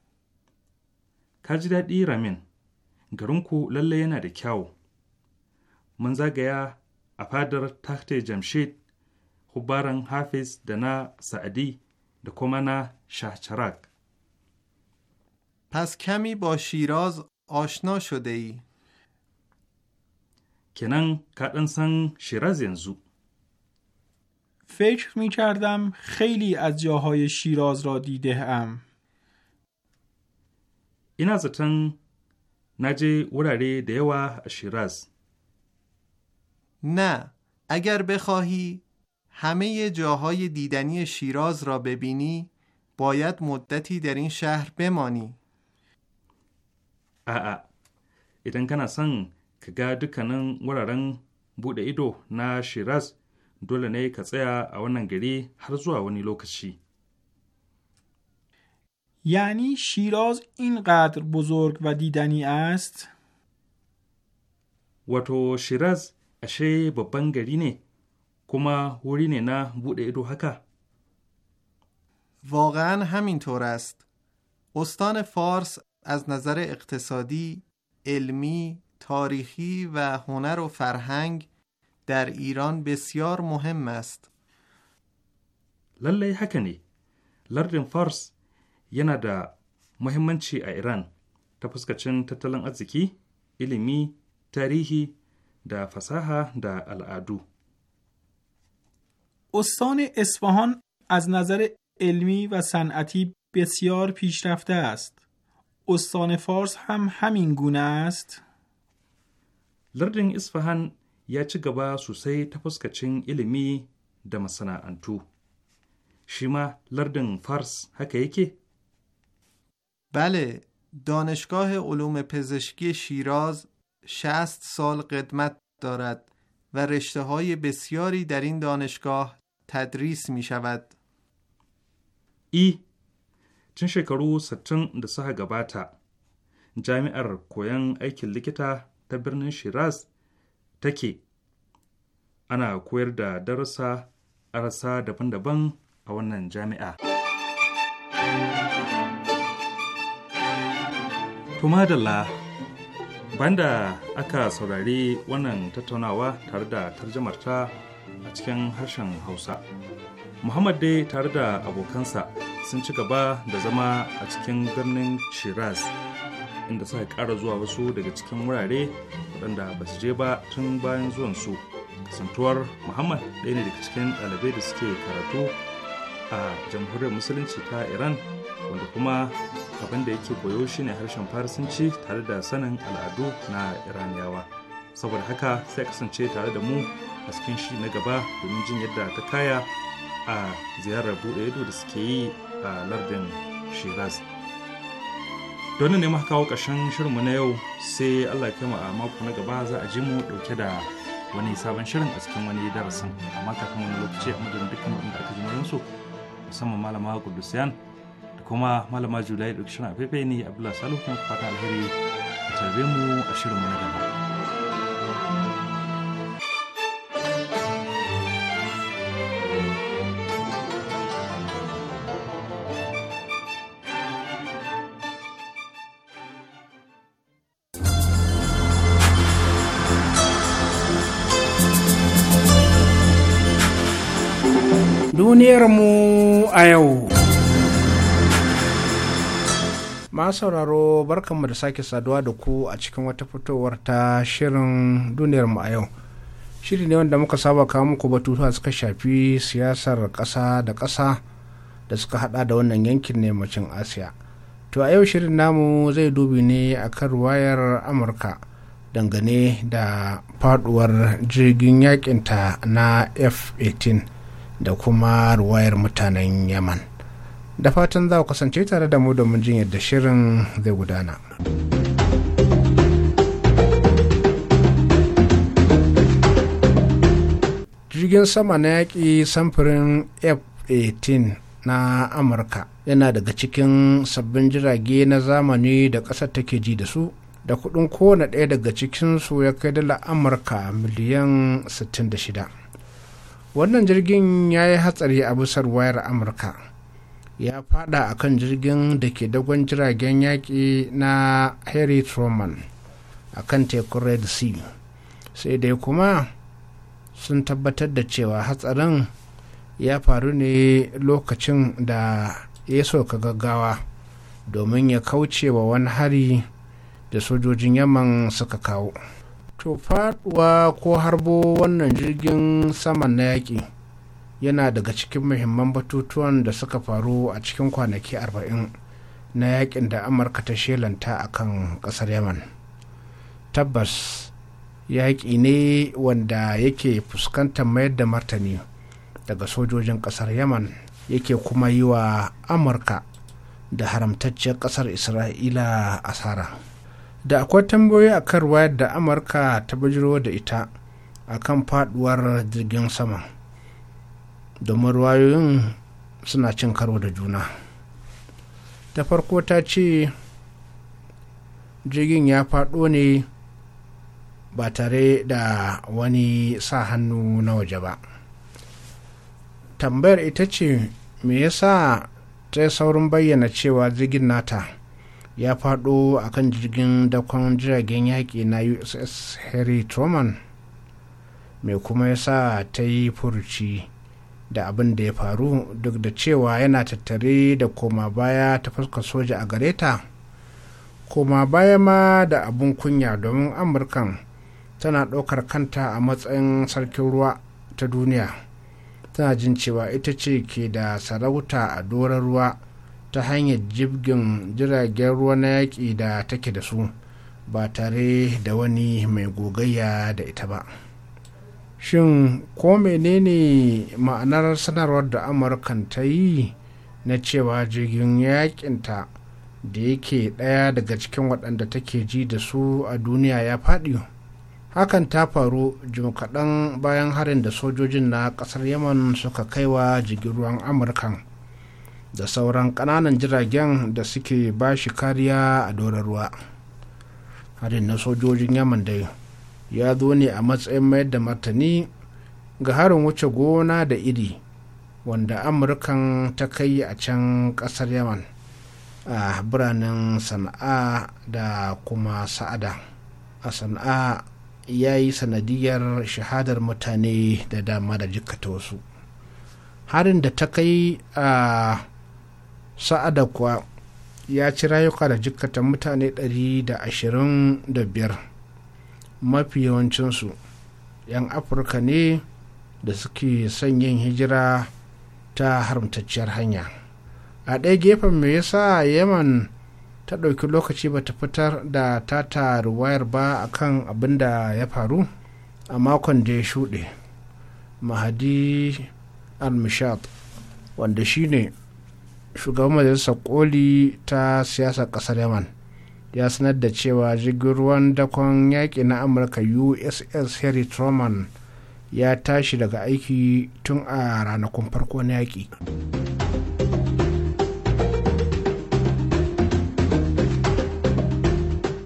کاجی دادی رامین گرونکو للا ینا کیاو من زاگایا افادر تخت جمشید خوباران حافظ دنا سعدی ده شاه چراغ پس کمی با شیراز آشنا شده ای کنن سن شیراز ینزو فکر می کردم خیلی از جاهای شیراز را دیده ام این از نجه وراره دیوه شیراز نه اگر بخواهی همه جاهای دیدنی شیراز را ببینی باید مدتی در این شهر بمانی a'a idan kana son ka ga dukkanin wuraren buɗe ido na shiraz dole ne ka tsaya a wannan gari har zuwa wani lokaci shiraz in اینقدر بزرگ و دیدنی ast. wato Shiraz ashe babban gari ne kuma wuri ne na buɗe ido haka. واقعا همینطور Rast, استان فارس از نظر اقتصادی، علمی، تاریخی و هنر و فرهنگ در ایران بسیار مهم است. للی حکنی، لردن فارس یه ندا مهمن چی ایران تا پس تتلن ازیکی، علمی، تاریخی، دا فساها دا الادو. استان اصفهان از نظر علمی و صنعتی بسیار پیشرفته است. استان فارس هم همین گونه است لردن اصفهان یا چه گبا سوسی تپس علمی علمی دمسنا انتو شما لردن فارس حکه یکی؟ بله دانشگاه علوم پزشکی شیراز شست سال قدمت دارد و رشته های بسیاری در این دانشگاه تدریس می شود ای tun shekaru 60 da suka gabata jami'ar koyon aikin likita ta birnin shiraz take ana koyar da darussa arasa daban-daban a wannan jami'a tumadala banda aka saurari wannan tattaunawa tare da tarjamarta a cikin harshen hausa muhammad dai tare da abokansa sun ci gaba da zama a cikin birnin shiraz inda suka kara zuwa wasu daga cikin wurare waɗanda ba su je ba tun bayan zuwan su kasantuwar muhammad ɗaya ne daga cikin ɗalibai da suke karatu a jamhuriyar musulunci ta iran wanda kuma abin da yake koyo shine harshen farisanci tare da sanin al'adu na iraniyawa saboda haka sai kasance tare da mu a cikin shi na gaba domin jin yadda ta kaya a ziyarar buɗe ido da suke yi a lardin shiraz don ne muka kawo ƙarshen shirinmu na yau sai allah kama a mako na gaba za a ji mu ɗauke da wani sabon shirin a cikin wani darasin amma kafin wani lokaci a madadin dukkan wanda aka ji murinsu musamman malama kudusiyan da kuma malama julai da shirin a ne abdullahi salihu fata alheri a tarbe mu a shirinmu na gaba. mu a yau. Masu sauraro barkanmu da sake saduwa da ku a cikin wata fitowar ta shirin duniyarmu a yau. Shiri ne wanda muka saba kawo muku batutuwa suka shafi siyasar ƙasa da ƙasa da suka hada da wannan yankin nemacin Asiya. To a yau shirin namu zai dubi ne a kan wayar Amurka dangane da faduwar jirgin yakinta na F-18. da kuma ruwayar mutanen yaman da fatan za ku kasance tare da mu domin jin yadda shirin zai gudana jirgin sama na yaƙi samfurin f-18 na amurka yana daga cikin sabbin jirage na zamani da ƙasar take ji da su da kuɗin kowane ɗaya daga cikinsu ya kai dala amurka miliyan 66 wannan jirgin ya yi hatsari a busar wayar amurka ya fada a kan jirgin da ke dagon jiragen yaƙi na harry truman a kan tekun red sea sai dai kuma sun tabbatar da cewa hatsarin ya faru ne lokacin da ya soka gaggawa domin ya kauce wa wani hari da sojojin yaman suka kawo. to faduwa ko harbo wannan jirgin saman na yaƙi yana daga cikin muhimman batutuwan da suka faru a cikin kwanaki 40 na yakin da amurka ta shelanta a kan ƙasar yaman tabbas yaƙi ne wanda yake fuskantar mayar da martani daga sojojin ƙasar yaman yake kuma yi wa amurka da haramtacciyar ƙasar isra'ila asara. da akwai tambayoyi a kan wayar da amurka ta bajiro da ita a kan faduwar jirgin sama domin ruwayoyin suna cin karo da juna ta farko ta ce jirgin ya faɗo ne ba tare da wani sa hannu na waje ba tambayar ita ce me yasa ta saurin bayyana cewa jirgin nata ya faɗo a kan jirgin dakon jiragen yaƙi na uss harry truman mai kuma ya sa ta yi furuci da abin da ya faru duk da cewa yana tattare da koma baya ta fuskar soja a gare ta koma baya ma da abin kunya domin amurkan tana ɗaukar kanta a matsayin sarkin ruwa ta duniya tana jin cewa ita ce ke da sarauta a doron ruwa ta hanyar jibgin jiragen ruwa na yaƙi da take da su ba tare da wani mai gogayya da ita ba shin ko menene ma'anar sanarwar da amurkan ta yi na cewa jirgin yaƙinta da yake ɗaya daga cikin waɗanda take ji da su a duniya ya faɗi hakan ta faru jim kaɗan bayan harin da sojojin na ƙasar yaman suka kaiwa jirgin ruwan amurkan da sauran ƙananan jiragen da suke ba shi kariya a doron ruwa harin na sojojin yaman dai ya zo ne a matsayin mayar da martani ga harin wuce gona da iri wanda amurkan ta kai a can ƙasar yaman a biranen sana'a da kuma sa'ada a sana'a ya yi sanadiyar shahadar mutane da dama da jikata wasu harin da ta kai a sa'ada kuwa ya ci rayuka da jikkata mutane 125 mafi yawancinsu 'yan afirka ne da suke son yin hijira ta haramtacciyar hanya a ɗaya gefen me yasa yaman ta ɗauki lokaci ba ta fitar da tata ruwayar ba a kan abin da ya faru a makon da ya shuɗe mahadi al-mishat wanda shine shugaban majalisar koli ta siyasar kasar yaman ya sanar da cewa jirgin ruwan dakon yaƙi na amurka uss harry truman ya tashi daga aiki tun a ranakun farko na yaƙi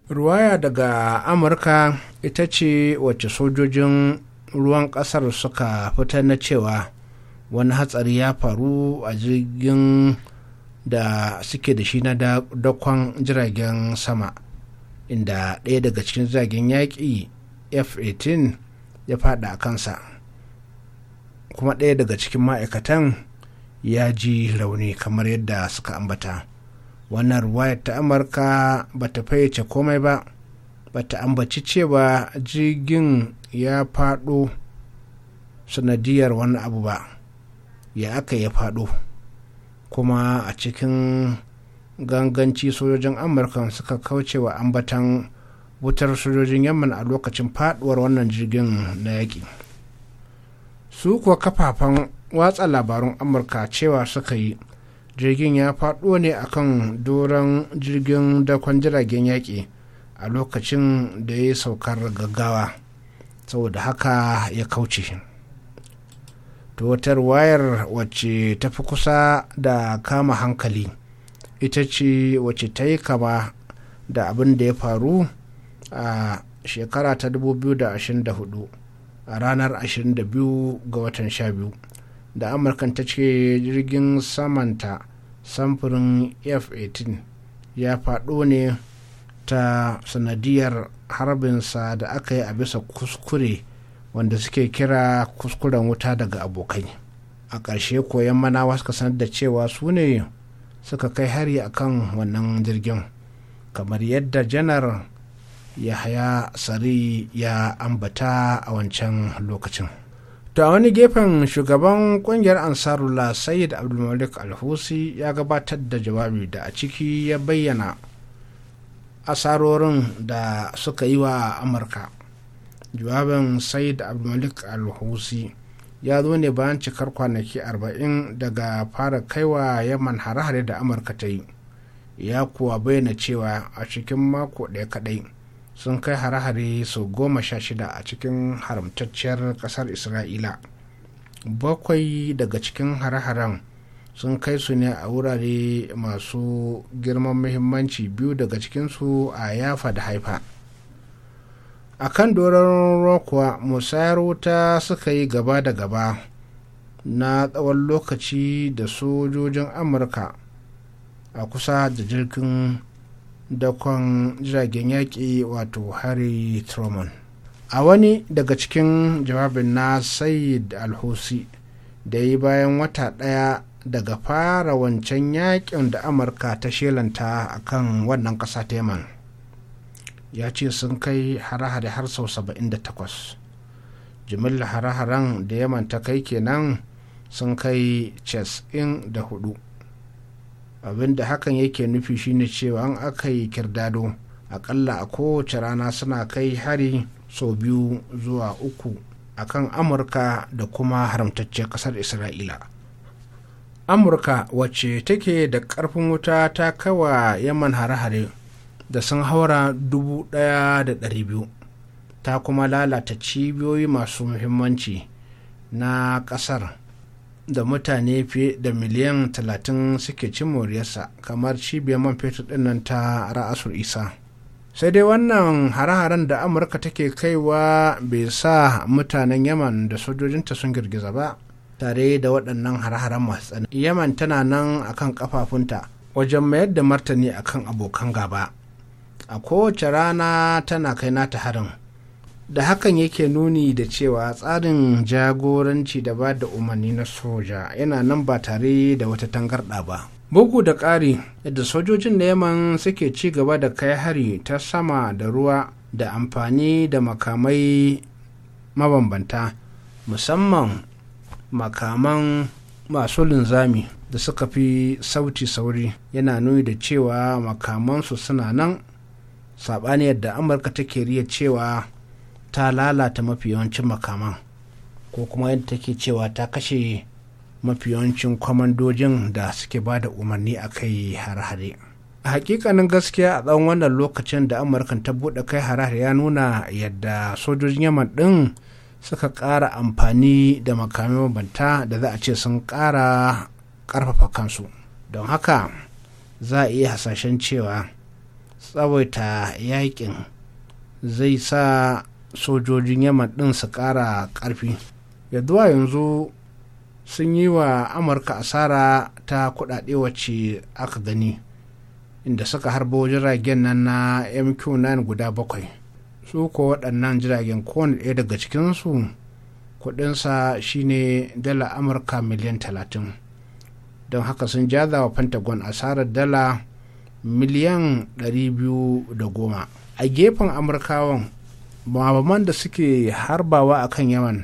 ruwaya daga amurka ita ce wacce sojojin ruwan kasar suka fitar na cewa wani hatsari ya faru a jirgin da suke da shi na dakon jiragen sama inda ɗaya daga cikin jiragen yaƙi f-18 ya faɗa a kansa kuma ɗaya daga cikin ma'aikatan ya ji rauni kamar yadda suka ambata wannan ruwayar ta amurka ba ta fayyace komai ba ba ta ambaci cewa jirgin ya faɗo sanadiyar wani abu ba ya aka ya faɗo kuma a cikin ganganci sojojin amurka suka kauce wa ambatan wutar sojojin yamman a lokacin faduwar wannan jirgin na yaƙi su kuwa kafafen watsa labarun amurka cewa suka yi jirgin ya faɗo ne akan doron jirgin dakon jiragen yaƙi a lokacin da ya saukar gaggawa saboda haka ya kauce ta watar wayar wacce ta fi kusa da kama hankali ita ce wacce ta yi kama da abin da ya faru a shekara ta 2024 a ranar 22 ga watan 12 da amurkan ta ce jirgin samanta samfurin f-18 ya faɗo ne ta sanadiyar harbinsa da aka yi a bisa kuskure wanda suke kira kuskuren wuta daga abokai a ƙarshe koyon manawa suka sanar da cewa su ne suka kai hari akan wannan jirgin kamar yadda janar yahaya sari ya ambata a wancan lokacin to a wani gefen shugaban kungiyar ansarullah sayyid abdulmalik alhusi ya gabatar da jawabi da a ciki ya bayyana asarorin da suka yi wa amurka jawabin said abdulmalik alhusi ya zo ne bayan cikar kwanaki 40 daga fara kaiwa yaman hare-hare da amurka ta yi ya kuwa bayyana cewa a cikin mako ɗaya kaɗai sun kai hare-hare sau goma sha shida a cikin haramtacciyar ƙasar isra'ila bakwai daga cikin hare-haren sun kai su ne a wurare masu girman muhimmanci biyu daga cikinsu a yafa da haifa a kan doron kuwa musayar wuta suka yi gaba da gaba na tsawon lokaci da sojojin amurka a kusa da jirgin dakon jiragen yaƙi wato harry truman a wani daga cikin jawabin na sayid alhosi da yi bayan wata ɗaya daga fara wancan yaƙin da amurka ta shelanta a kan wannan ƙasa yaman. ya ce sun kai hare-hare har sau 78 jimillar hare-haren da yaman ta kai kenan sun kai in da hudu abinda hakan yake nufi shine cewa an aka yi kirdado akalla a kowace rana suna kai hari sau biyu zuwa uku akan amurka da kuma haramtacce kasar isra'ila amurka wacce take da karfin wuta ta kawa yaman hare-hare da sun haura dubu da biyu. ta kuma lalata cibiyoyi masu muhimmanci na ƙasar da mutane fiye da miliyan talatin suke cin moriyarsa kamar cibiyar man fetur dinnan ta ra'asu isa sai dai wannan hare-haren da amurka take kaiwa bai sa mutanen yaman da sojojinta sun girgiza ba tare da waɗannan hare-haren masu tsanani yaman tana nan akan kafafunta wajen mayar da martani akan abokan gaba a kowace rana tana kai nata harin da hakan yake nuni da cewa tsarin jagoranci da ba da umarni na soja yana nan ba tare da wata tangarɗa ba bugu da ƙari yadda sojojin na yaman suke ci gaba da kai hari ta sama da ruwa da amfani da makamai mabambanta musamman makaman masu linzami da suka fi sauti sauri yana nuni da cewa makamansu suna nan sabani yadda amurka take riya cewa ta lalata mafi yawancin makaman ko kuma yadda take cewa ta kashe mafi yawancin kwamandojin da suke ba da umarni a kai har-hare a hakikanin gaskiya a tsawon wannan lokacin da amurka ta buɗe kai har-hare ya nuna yadda sojojin yaman ɗin suka ƙara amfani da makamai mabanta da za a ce sun ƙara ƙarfafa kansu don haka za a iya hasashen cewa tsawaita yakin zai sa sojojin yaman ɗin su ƙara ƙarfi yaduwa yanzu sun yi wa amurka asara ta kuɗaɗe wacce aka gani inda suka harbo jiragen nan na mq9 guda bakwai su ko waɗannan jiragen kowane ɗaya daga cikinsu kudinsa shine dala amurka miliyan talatin don haka sun jaza wa pentagon asarar dala miliyan 210 a gefen amurkawan mabaman da suke harbawa a kan yaman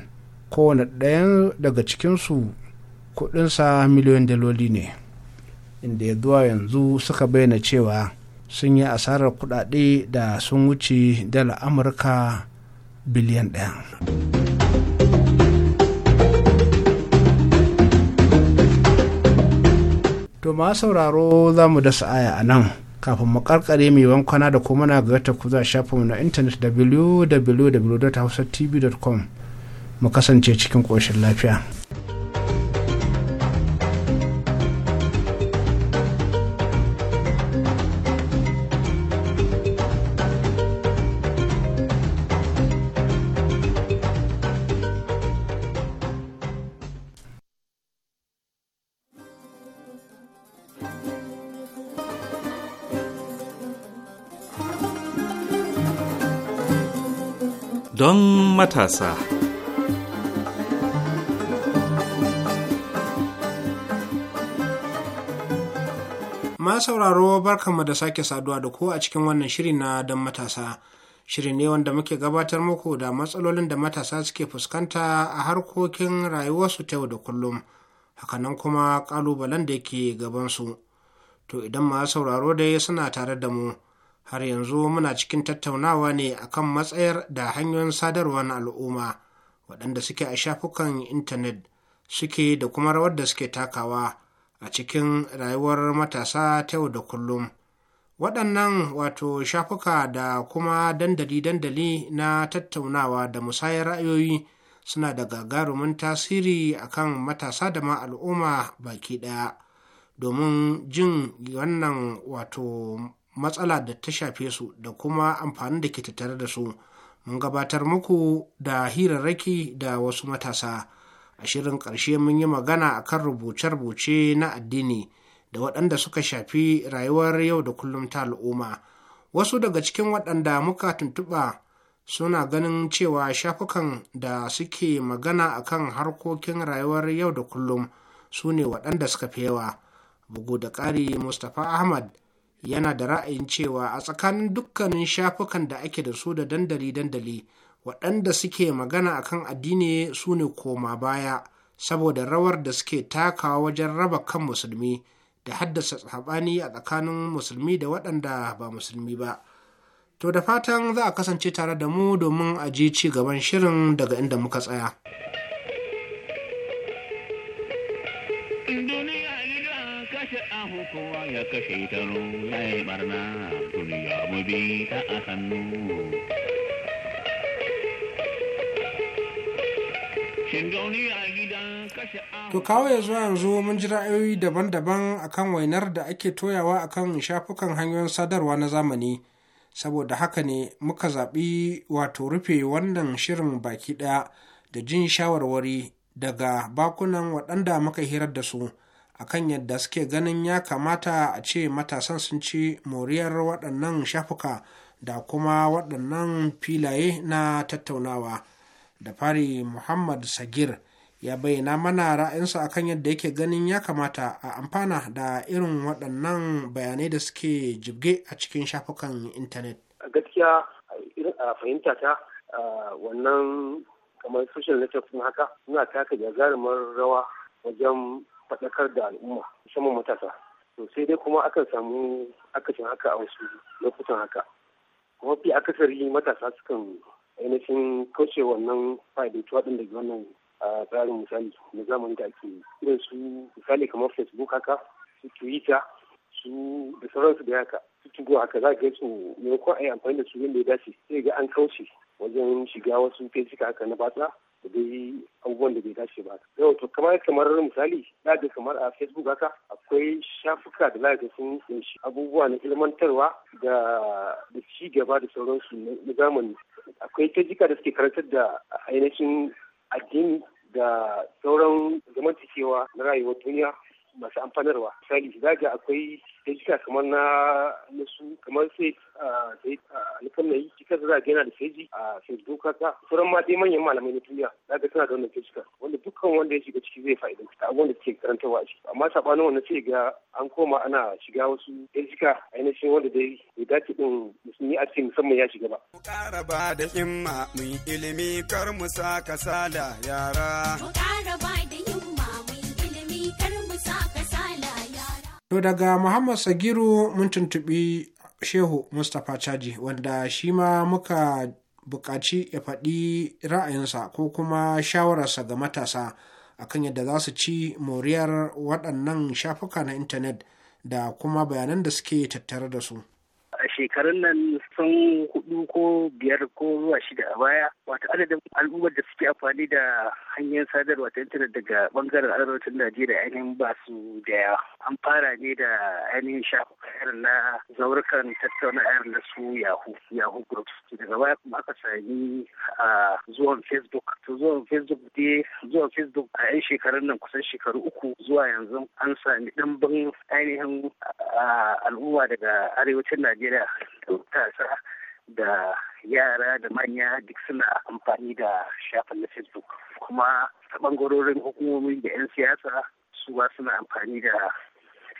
kowane ɗaya daga cikinsu kudinsa miliyan daloli ne inda ya zuwa yanzu suka bayyana cewa sun yi asarar kudade da sun wuce dala amurka biliyan ɗaya. to ma sauraro za mu da sa'aya a nan kafin mu karkare mai wankwana da kuma na ga ta kuza shafinmu na intanet www.hausatv.com mu kasance cikin ƙoshin lafiya. matasa. Ma sauraro barkanmu da sake saduwa da ku a cikin wannan shiri na don matasa. Shiri ne wanda muke gabatar muku da matsalolin da matasa suke fuskanta a harkokin rayuwarsu ta yau da kullum, hakanan kuma ƙalubalen da ke gabansu. To idan ma sauraro dai suna tare da mu. har yanzu muna cikin tattaunawa ne akan matsayar da hanyoyin sadarwa na al'umma waɗanda suke a shafukan intanet suke da kuma rawar da suke takawa a cikin rayuwar matasa ta yau da kullum waɗannan wato shafuka da kuma dandali-dandali na tattaunawa da musayar ra'ayoyi suna da gagarumin tasiri akan matasa da ma al'umma baki ɗaya domin jin wannan wato matsala da ta shafe su da kuma amfani da ke tattare da su mun gabatar muku da hirarraki da wasu matasa a shirin ƙarshe mun yi magana a kan rubuce-rubuce na addini da waɗanda suka shafi rayuwar yau da kullum ta al'umma wasu daga cikin waɗanda muka tuntuɓa suna ganin cewa shafukan da suke magana a kan harkokin rayuwar yau da kullum su ne waɗanda suka fi yawa bugu da ƙari mustapha ahmad yana da ra'ayin cewa a tsakanin dukkanin shafukan da ake da su da dandali-dandali waɗanda suke magana a kan addini su ne koma baya saboda rawar da suke takawa wajen raba kan musulmi da haddasa saɓani a tsakanin musulmi da waɗanda ba musulmi ba to da fatan za a kasance tare da mu domin a ji ci gaban shirin daga inda muka tsaya. kowa ya kashe ta ya yi barna duniya mu bi ta a sannu To kawo ya zuwa yanzu mun ji ra'ayoyi daban-daban akan wainar da ake toyawa akan shafukan hanyoyin sadarwa na zamani. Saboda haka ne muka zaɓi wato rufe wannan shirin baki ɗaya da jin shawarwari daga bakunan waɗanda muka hirar da su. akan yadda suke ganin ya kamata a ce matasan sun ci moriyar waɗannan shafuka da kuma waɗannan filaye na tattaunawa da fari muhammad sagir ya bayyana mana ra'ayinsa akan yadda yake ganin ya kamata a amfana da irin waɗannan bayanai da suke jibge a cikin shafukan intanet gaskiya a fahimta ta wannan kamar social network haka suna taka jagarumar rawa wajen faɗakar da al'umma musamman matasa to sai dai kuma aka samu akasin haka a wasu lokutan haka kuma fi akasari matasa sukan ainihin kauce wannan fa'idaituwa ɗin daga wannan tsarin misali na zamani da ake irin su misali kamar facebook haka su twitter su da sauransu da haka su tugo haka za ga su maimakon a yi amfani da su yadda ya dace sai ga an kauce wajen shiga wasu fesuka haka na batsa da dai abubuwan da bai dace ba yau to kamar kamar misali na ga kamar a facebook haka akwai shafuka da za sun kunshi abubuwa na ilmantarwa da da ci gaba da sauransu na zamani akwai tajika da suke karantar da ainihin addini da sauran zamantakewa na rayuwar duniya masu amfanarwa misali zaga akwai dajika kamar na nasu kamar sai sai alifan na yi cikar za gina da feji a facebook haka sauran ma dai manyan malamai na duniya zaga tana da wannan dajika wanda dukkan wanda ya shiga ciki zai fa'idan ta abubuwan da ke karantarwa shi amma sabanin wannan sai ga an koma ana shiga wasu dajika ainihin wanda dai bai dace din musulmi a cikin musamman ya shiga ba. Mu ƙara ba da himma mu yi ilimi kar mu sa kasala yara. Mu ƙara ba da To daga Muhammad Sagiru mun tuntuɓi Shehu Mustapha Chaji wanda shi ma muka buƙaci ya faɗi ra'ayinsa ko kuma shawararsa ga matasa akan yadda za su ci moriyar waɗannan shafuka na intanet da kuma bayanan da suke tattare da su. a shekarun nan sun hudu ko biyar ko zuwa shida a baya wata adadin al'ummar da suke amfani da hanyar sadarwa ta intanet daga bangaren arewacin najeriya ainihin ba su da yawa an fara ne da ainihin shafukan na zaurukan tattauna ayar na su yahoo yahoo groups daga baya kuma aka sami a zuwan facebook to zuwan facebook dai zuwan facebook a yan shekarun nan kusan shekaru uku zuwa yanzu an sami ɗimbin ainihin al'umma daga arewacin najeriya da matasa da yara da manya duk suna amfani da shafin na facebook kuma a bangarorin hukumomi da 'yan siyasa su ba suna amfani da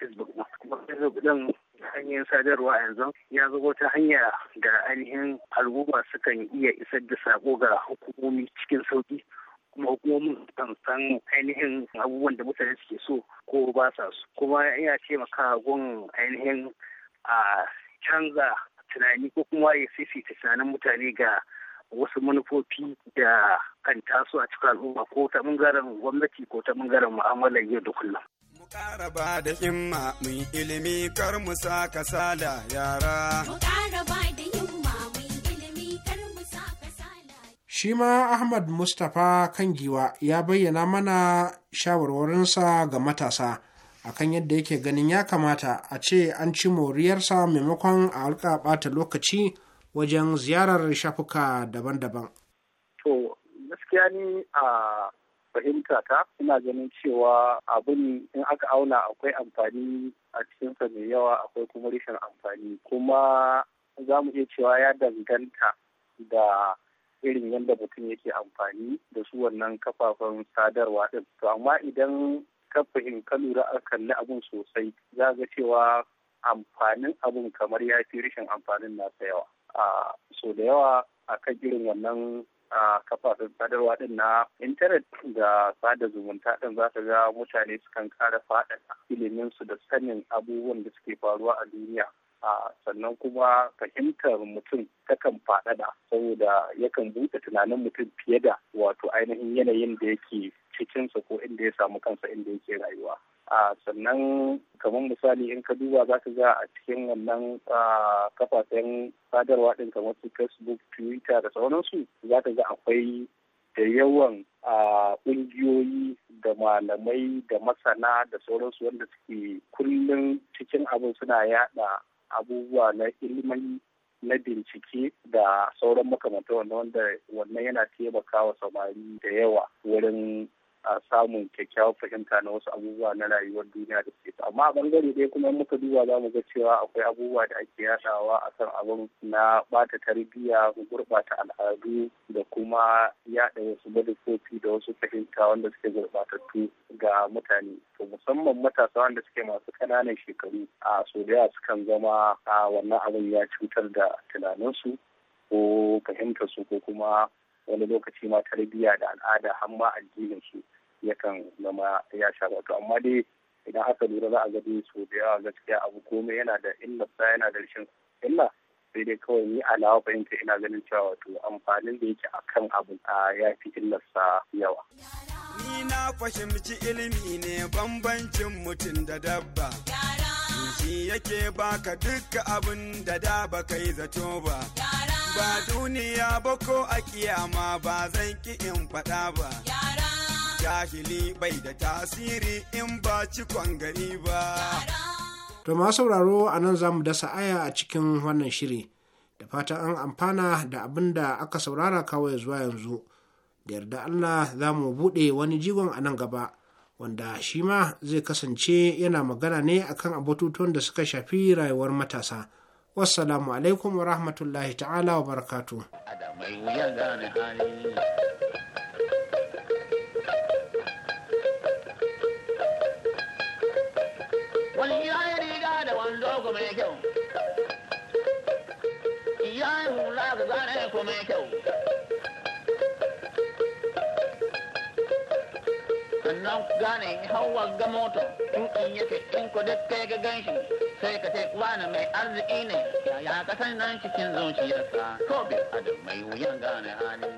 facebook kuma facebook din hanyar sadarwa yanzu ya zama ta hanya da ainihin al'umma sukan iya isar da sako ga hukumomi cikin sauki kuma hukumomin kan san ainihin abubuwan da mutane suke so ko ba sa su kuma yana taimaka gun ainihin a canza tunani ko kuma ya fifita tunanin mutane ga wasu manufofi da kan taso a cikin al'umma ko ta bangaren gwamnati ko ta bangaren mu'amalar yau da kullum. Mu ƙara ba da himma mu yi ilimi kar mu sa kasala yara. Mu ƙara ba da himma mu ilimi kar mu sa kasala. Shi ma Ahmad Mustapha Kangiwa ya bayyana mana shawarwarinsa ga matasa. akan yadda yake ganin ya kamata a ce an ci moriyarsa maimakon a alka ɓata lokaci wajen ziyarar shafuka daban-daban? To, gaskiya ni a fahimta ta ina ganin cewa abin in aka auna akwai amfani a cikinsa mai yawa akwai kuma rashin amfani kuma za mu iya cewa ya danganta da irin yadda mutum yake amfani da su wannan kafafen sadarwa din to amma idan ka lura a kalli abin sosai za ga cewa amfanin abun kamar ya fi rashin amfanin nasa yawa a so da yawa a kan irin wannan a kafafen sadarwa din na intanet da sada zumunta din za ta ga mutane sukan kara faɗaɗa iliminsu da sanin abubuwan da suke faruwa a duniya sannan kuma fahimtar mutum takan faɗaɗa saboda yakan buɗe tunanin mutum fiye da wato ainihin yanayin da yake cikinsa ko inda ya samu kansa inda yake rayuwa a sannan kamar misali in ka duba za ka ga a cikin wannan kafafen sadarwa ɗin kamar su facebook twitter da sauransu za ka ga akwai da yawan ƙungiyoyi da malamai da masana da sauransu wanda suke kullum cikin abin suna yada abubuwa na ilimi na bincike da sauran makamantar wanda wannan yana taimakawa samari da yawa wurin a samun kyakkyawar fahimta na wasu abubuwa na rayuwar duniya da suke amma a bangare dai kuma muka duba za mu ga cewa akwai abubuwa da ake yadawa a kan abin na bata tarbiyya gurɓata al'adu da kuma yaɗa wasu madufofi da wasu fahimta wanda suke gurɓatattu ga mutane to musamman matasa wanda suke masu ƙananan shekaru a so da sukan zama a wannan abin ya cutar da tunaninsu ko su, ko kuma wani lokaci ma tarbiyya da al'ada har ma addinin su yakan zama ya sha wato amma dai idan aka lura za a ga dai so da yawa gaskiya abu komai yana da illa yana da rashin illa sai dai kawai ni alawa fahimta ina ganin cewa wato amfanin da yake akan abu a ya fi illarsa yawa. Ni na fahimci ilimi ne bambancin mutum da dabba. shi yake baka duka abun da da baka yi zato ba ba duniya ba ko a kiyama ba zan ki in faɗa ba jahili bai da tasiri in ba cikon gari ba to ma sauraro a nan za mu dasa aya a cikin wannan shiri da fatan an amfana da abin da aka saurara kawai zuwa yanzu da yarda allah za mu buɗe wani jigon a nan gaba wanda shi ma zai kasance yana magana ne akan abututun da suka shafi rayuwar matasa wassalamu alaikum wa rahmatullahi ta'ala wa barakatu wani ya yi riga da wando kuma ya kyau ya yi hula ga zane kuma kyau sannan gane hawa ga moto in kan yake in ko duk kai ga ganshi sai ka ce wani mai arziki ne ya ka san nan cikin zuciyarsa ko bi adam mai wuyan gane hali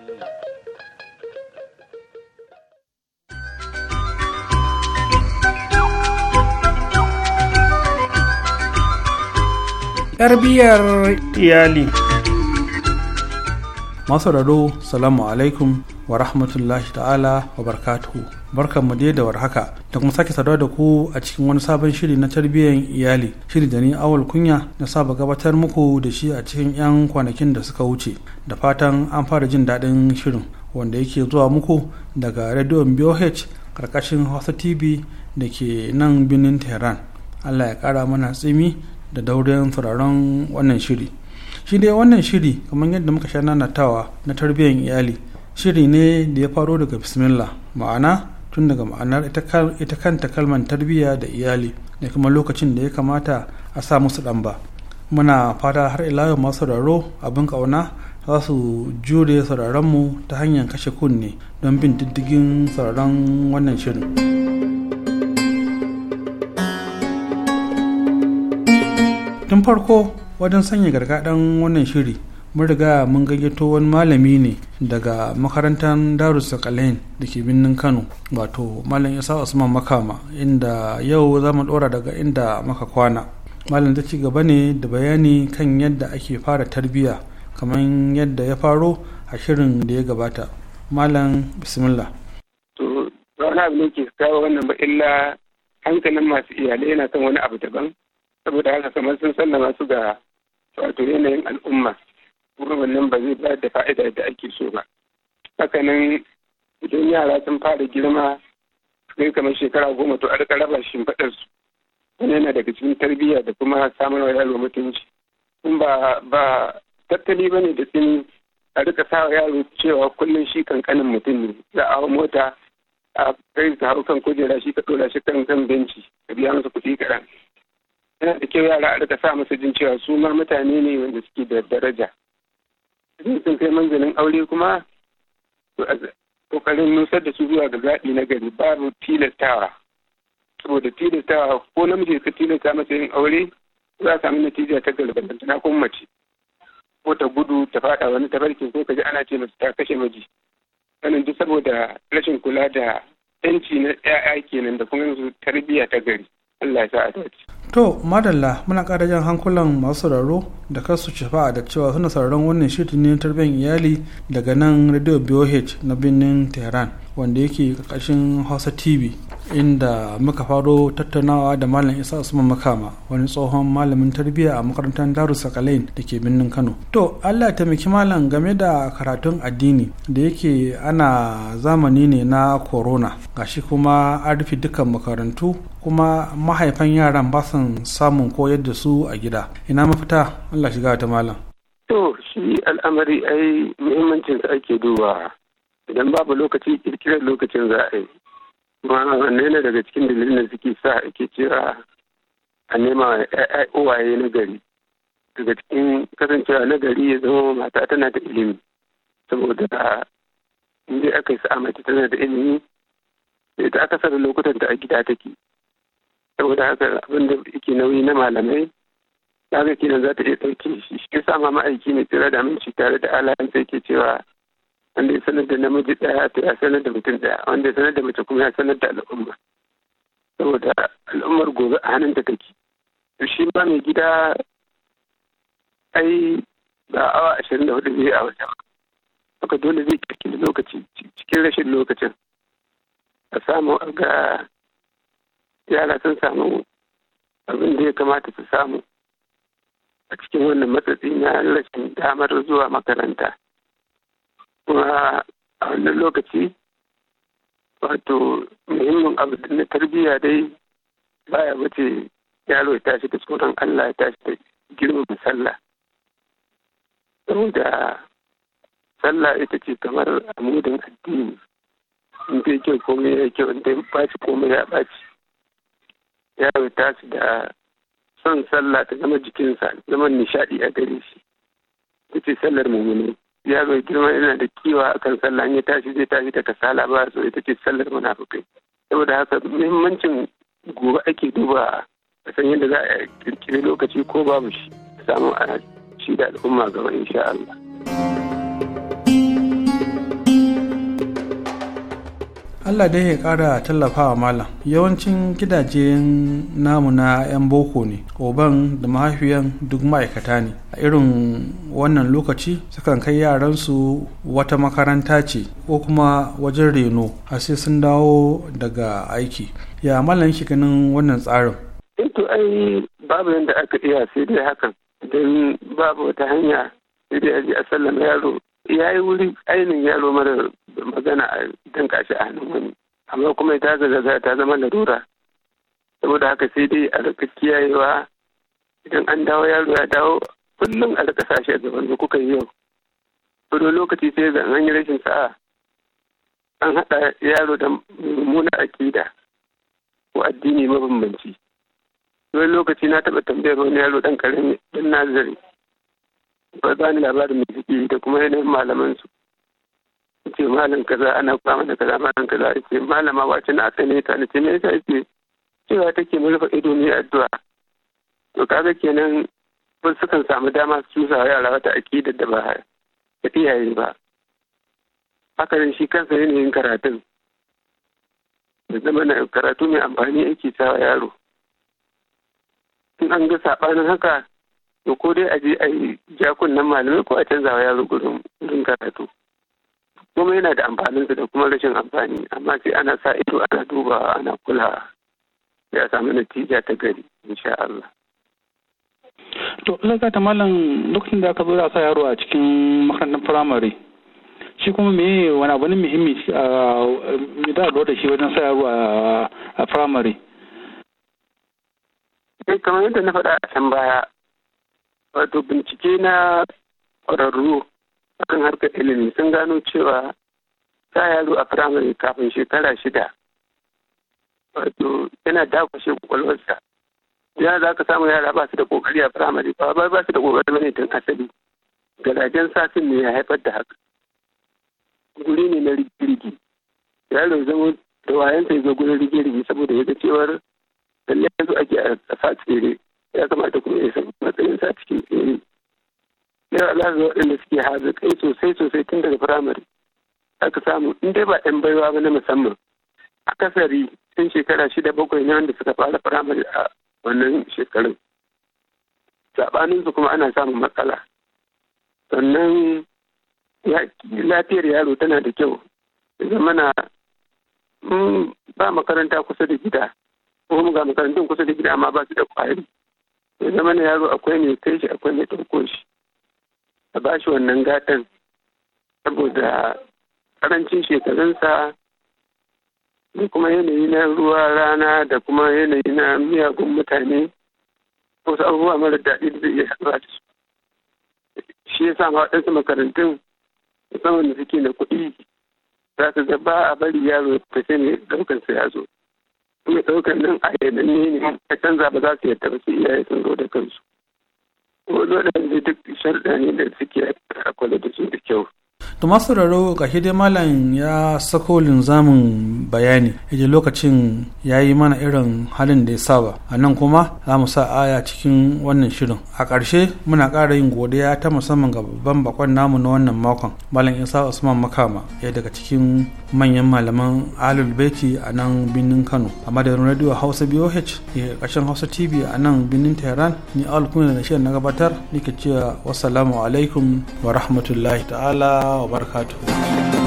tarbiyyar iyali masu raro salamu alaikum wa rahmatullahi ta'ala wa barkatuhu barkan mu da warhaka da kuma sake saduwa da ku a cikin wani sabon shiri na tarbiyyar iyali shiri da ni awal kunya na saba gabatar muku da shi a cikin 'yan kwanakin da suka wuce da fatan an fara jin daɗin shirin wanda yake zuwa muku daga rediyon BOH karkashin Hausa TV da ke nan birnin Tehran. Allah ya kara mana tsimi da daurin sauraron wannan shiri. Shi dai wannan shiri kamar yadda muka sha nanatawa na tarbiyyar iyali shiri ne da ya faro daga bismillah ma'ana tun daga ma'anar ita kanta kalmar tarbiyya da iyali da kuma lokacin da ya kamata a sa musu dan ba muna fata har ila yau masu sauraro abin ƙauna za su jure sauraronmu ta hanyar kashe kunne don bin diddigin sauraron wannan shirin. tun farko wajen sanya gargaɗin wannan shiri mun riga mun gayyato wani malami ne daga makarantar sakalain da ke birnin kano wato malam isa usman makama inda yau za mu dora daga inda maka kwana malam ta ci gaba ne da bayani kan yadda ake fara tarbiyya kamar yadda ya faro a shirin da ya gabata malam bismillah to wani abu ne ke kawo wannan ba illa hankalin masu iyalai yana kan wani abu daban saboda haka kamar sun sallama su ga wato yanayin al'umma kuma wannan ba zai bayar da fa'ida da ake so ba hakanan idan yara sun fara girma sai kamar shekara goma to arka raba shimfiɗar wani yana daga cikin tarbiyya da kuma samun wa yaro mutunci in ba ba tattali bane da tsini a rika sa yaro cewa kullum shi kankanin mutum ne za a mota a kai ta hau kan kujera shi ka ɗora shi kan kan benci ka biya masa kuɗi kaɗan yana da kyau yara a rika sa masa jin cewa su mutane ne wanda suke da daraja sun kai manzanin aure kuma a kokarin nusar da su zuwa ga zaɓi na gari babu tilastawa saboda tilastawa ko namiji ka tilasta masa yin aure za a samu natija ta galbanta na kuma mace ko ta gudu ta faɗa wani tafarkin ko ka ji ana ce masu ta kashe miji sanin duk saboda rashin kula da yanci na 'ya'ya kenan da kuma yanzu tarbiyya ta gari Allah ya sa a to madalla muna ƙara jan hankulan masu sauraro da kasu shafa'a da cewa suna sauraron wannan shirin ne tarbiyyar iyali daga nan radio boh na birnin tehran wanda yake ƙarƙashin hausa tv inda muka faro tattaunawa da malam isa usman makama wani tsohon malamin tarbiyya a makarantar daru sakalain da ke birnin kano to allah ya taimaki malam game da karatun addini da yake ana zamani ne na corona gashi kuma an rufe dukkan makarantu kuma mahaifan yaran ba su son samun koyar da su a gida ina mafita allah shiga ta malam to shi al'amari ai muhimmancin sa ake duba idan babu lokaci kirkirar lokacin za a yi kuma wannan ne daga cikin dalilin da suke sa ake cewa a nema uwaye na gari daga cikin kasancewa na gari ya zama mata tana da ilimi saboda in dai aka yi sa'a mace tana da ilimi da ta aka sanar lokutan da a gida take saboda haka abin da yake nauyi na malamai kaga kenan za ta iya ɗauke shi shi sa ma ma'aiki ne tsira da aminci tare da ya ke cewa wanda ya sanar da namiji ɗaya to ya sanar da mutum ɗaya wanda ya sanar da mace kuma ya sanar da al'umma saboda al'ummar gobe a hannun ta take to shi ma mai gida ai ba awa ashirin da hudu zai a wata haka dole zai kirkiri lokaci cikin rashin lokacin a samu ga yara sun samu abin da ya kamata su samu a cikin wannan matsatsi na rashin damar zuwa makaranta kuma a wannan lokaci wato muhimmin abu na tarbiyya dai baya wuce yaro ya tashi da tsoron Allah ya tashi da girmama sallah saboda sallah ita ce kamar amudin addini in fi kyau komai ya kyau in dai baci komai ya shi. yaro tashi da son sallah ta zama jikinsa zama nishaɗi a gare shi ita sallar mumuni bai girma yana da kiwa akan sallah ya tashi zai tashi da kasala ba so ita ce sallar munafukai saboda haka muhimmancin gobe ake duba a san yadda za a kirkiri lokaci ko babu shi samu a shi da al'umma gaba insha Allah. allah dai ya kara tallafawa malam yawancin gidajen namu na 'yan boko ne oban da mahaifiyan duk ma'aikata ne a irin wannan lokaci sukan kai yaransu wata makaranta ce ko kuma wajen reno a sai sun dawo daga aiki ya malam shi ganin wannan tsarin eh to ai babu yadda aka iya sai dai hakan don babu wata hanya sai dai a sallama yaro ya yi wuri ainihin yaro mara magana a dan kashi a hannun wani amma kuma ta zaga ta zama larura saboda haka sai dai a rika kiyayewa idan an dawo yaro ya dawo kullum a rika sashi a gaban da kuka yi yau wani lokaci sai ga an yi rashin sa'a an haɗa yaro da mummuna akida ko addini mabambanci wani lokaci na taɓa tambayar wani yaro ɗan ƙarami ɗan nazari ba bani labarin mai suke da kuma yanayin malaman su ce malam kaza ana kwa mana kaza malam kaza ce malama wace na aka ne ce me yasa ce cewa take mu ido ne addu'a to kaga kenan wasu sukan samu dama su cusa yara wata aƙidar da ba iya iyaye ba haka ne shi kansa yanayin karatun da zama na karatu mai amfani yake sawa yaro in an ga saɓanin haka to ko dai a je a yi jakunan malamai ko a canzawa wa yaro gurin karatu kuma yana da amfanin da kuma rashin amfani amma sai ana sa ido ana duba ana kulawa ya samu natija ta gari insha Allah. To laga ta malam lokacin da aka zo da sa yaro a cikin makarantar firamare shi kuma me wani abu ne muhimmi a da shi wajen sa yaro a firamare. Sai eh, kamar yadda na faɗa a can baya wato bincike na ƙwararru kan harkar ilimi sun gano cewa sa yaro a firamare kafin shekara shida wato yana dakwashe kwakwalwarsa ya za ka samu yara ba su da kokari a firamare ba ba ba su da kokari bane tun asali garajen satin ne ya haifar da haka guri ne na rigirgi yaro zama da wayansa ya zo gurin rigirgi saboda ya ga cewar lallai yanzu ake a tsere ya kamata kuma ya san matsayin sa cikin ilimi yau za ga waɗanda suke kai sosai sosai tun daga firamare aka samu in dai ba ɗan baiwa ba na musamman akasari tun shekara shida bakwai ne wanda suka fara firamare a wannan shekarun saɓaninsu kuma ana samun matsala sannan lafiyar yaro tana da kyau zamana ba makaranta kusa da gida ko mu ga makarantun kusa da gida amma ba su da ƙwari sai zama na yaro akwai mai kai shi akwai mai ɗauko shi a ba shi wannan gatan saboda ƙarancin shekarunsa da kuma yanayi na ruwa rana da kuma yanayi na miyagun mutane wasu abubuwa mara daɗi da zai iya haɗuwa da su shi yasa ma waɗansu makarantun musamman da suke na kuɗi za su ga ba a bari yaro ta ce mai ɗaukansa ya zo kuma ɗaukar nan a yadda ne ne ta canza ba za su yadda ba su iyaye sun zo da kansu. Wani waɗanda duk sharɗa ne da suke a kwale da su da kyau. to masu raro ga dai malam ya sako linzamin bayani yaje lokacin ya yi mana irin halin da ya saba a nan kuma za mu sa aya cikin wannan shirin a ƙarshe muna ƙara yin godiya ta musamman ga babban bakon namu na wannan makon malam isa usman makama ya daga cikin manyan malaman alul beki a nan birnin kano a madadin radio hausa boh ya ƙarshen hausa tv a nan birnin tehran ni alkuna da na gabatar nake cewa wassalamu alaikum wa rahmatullahi ta'ala wa barakatuhu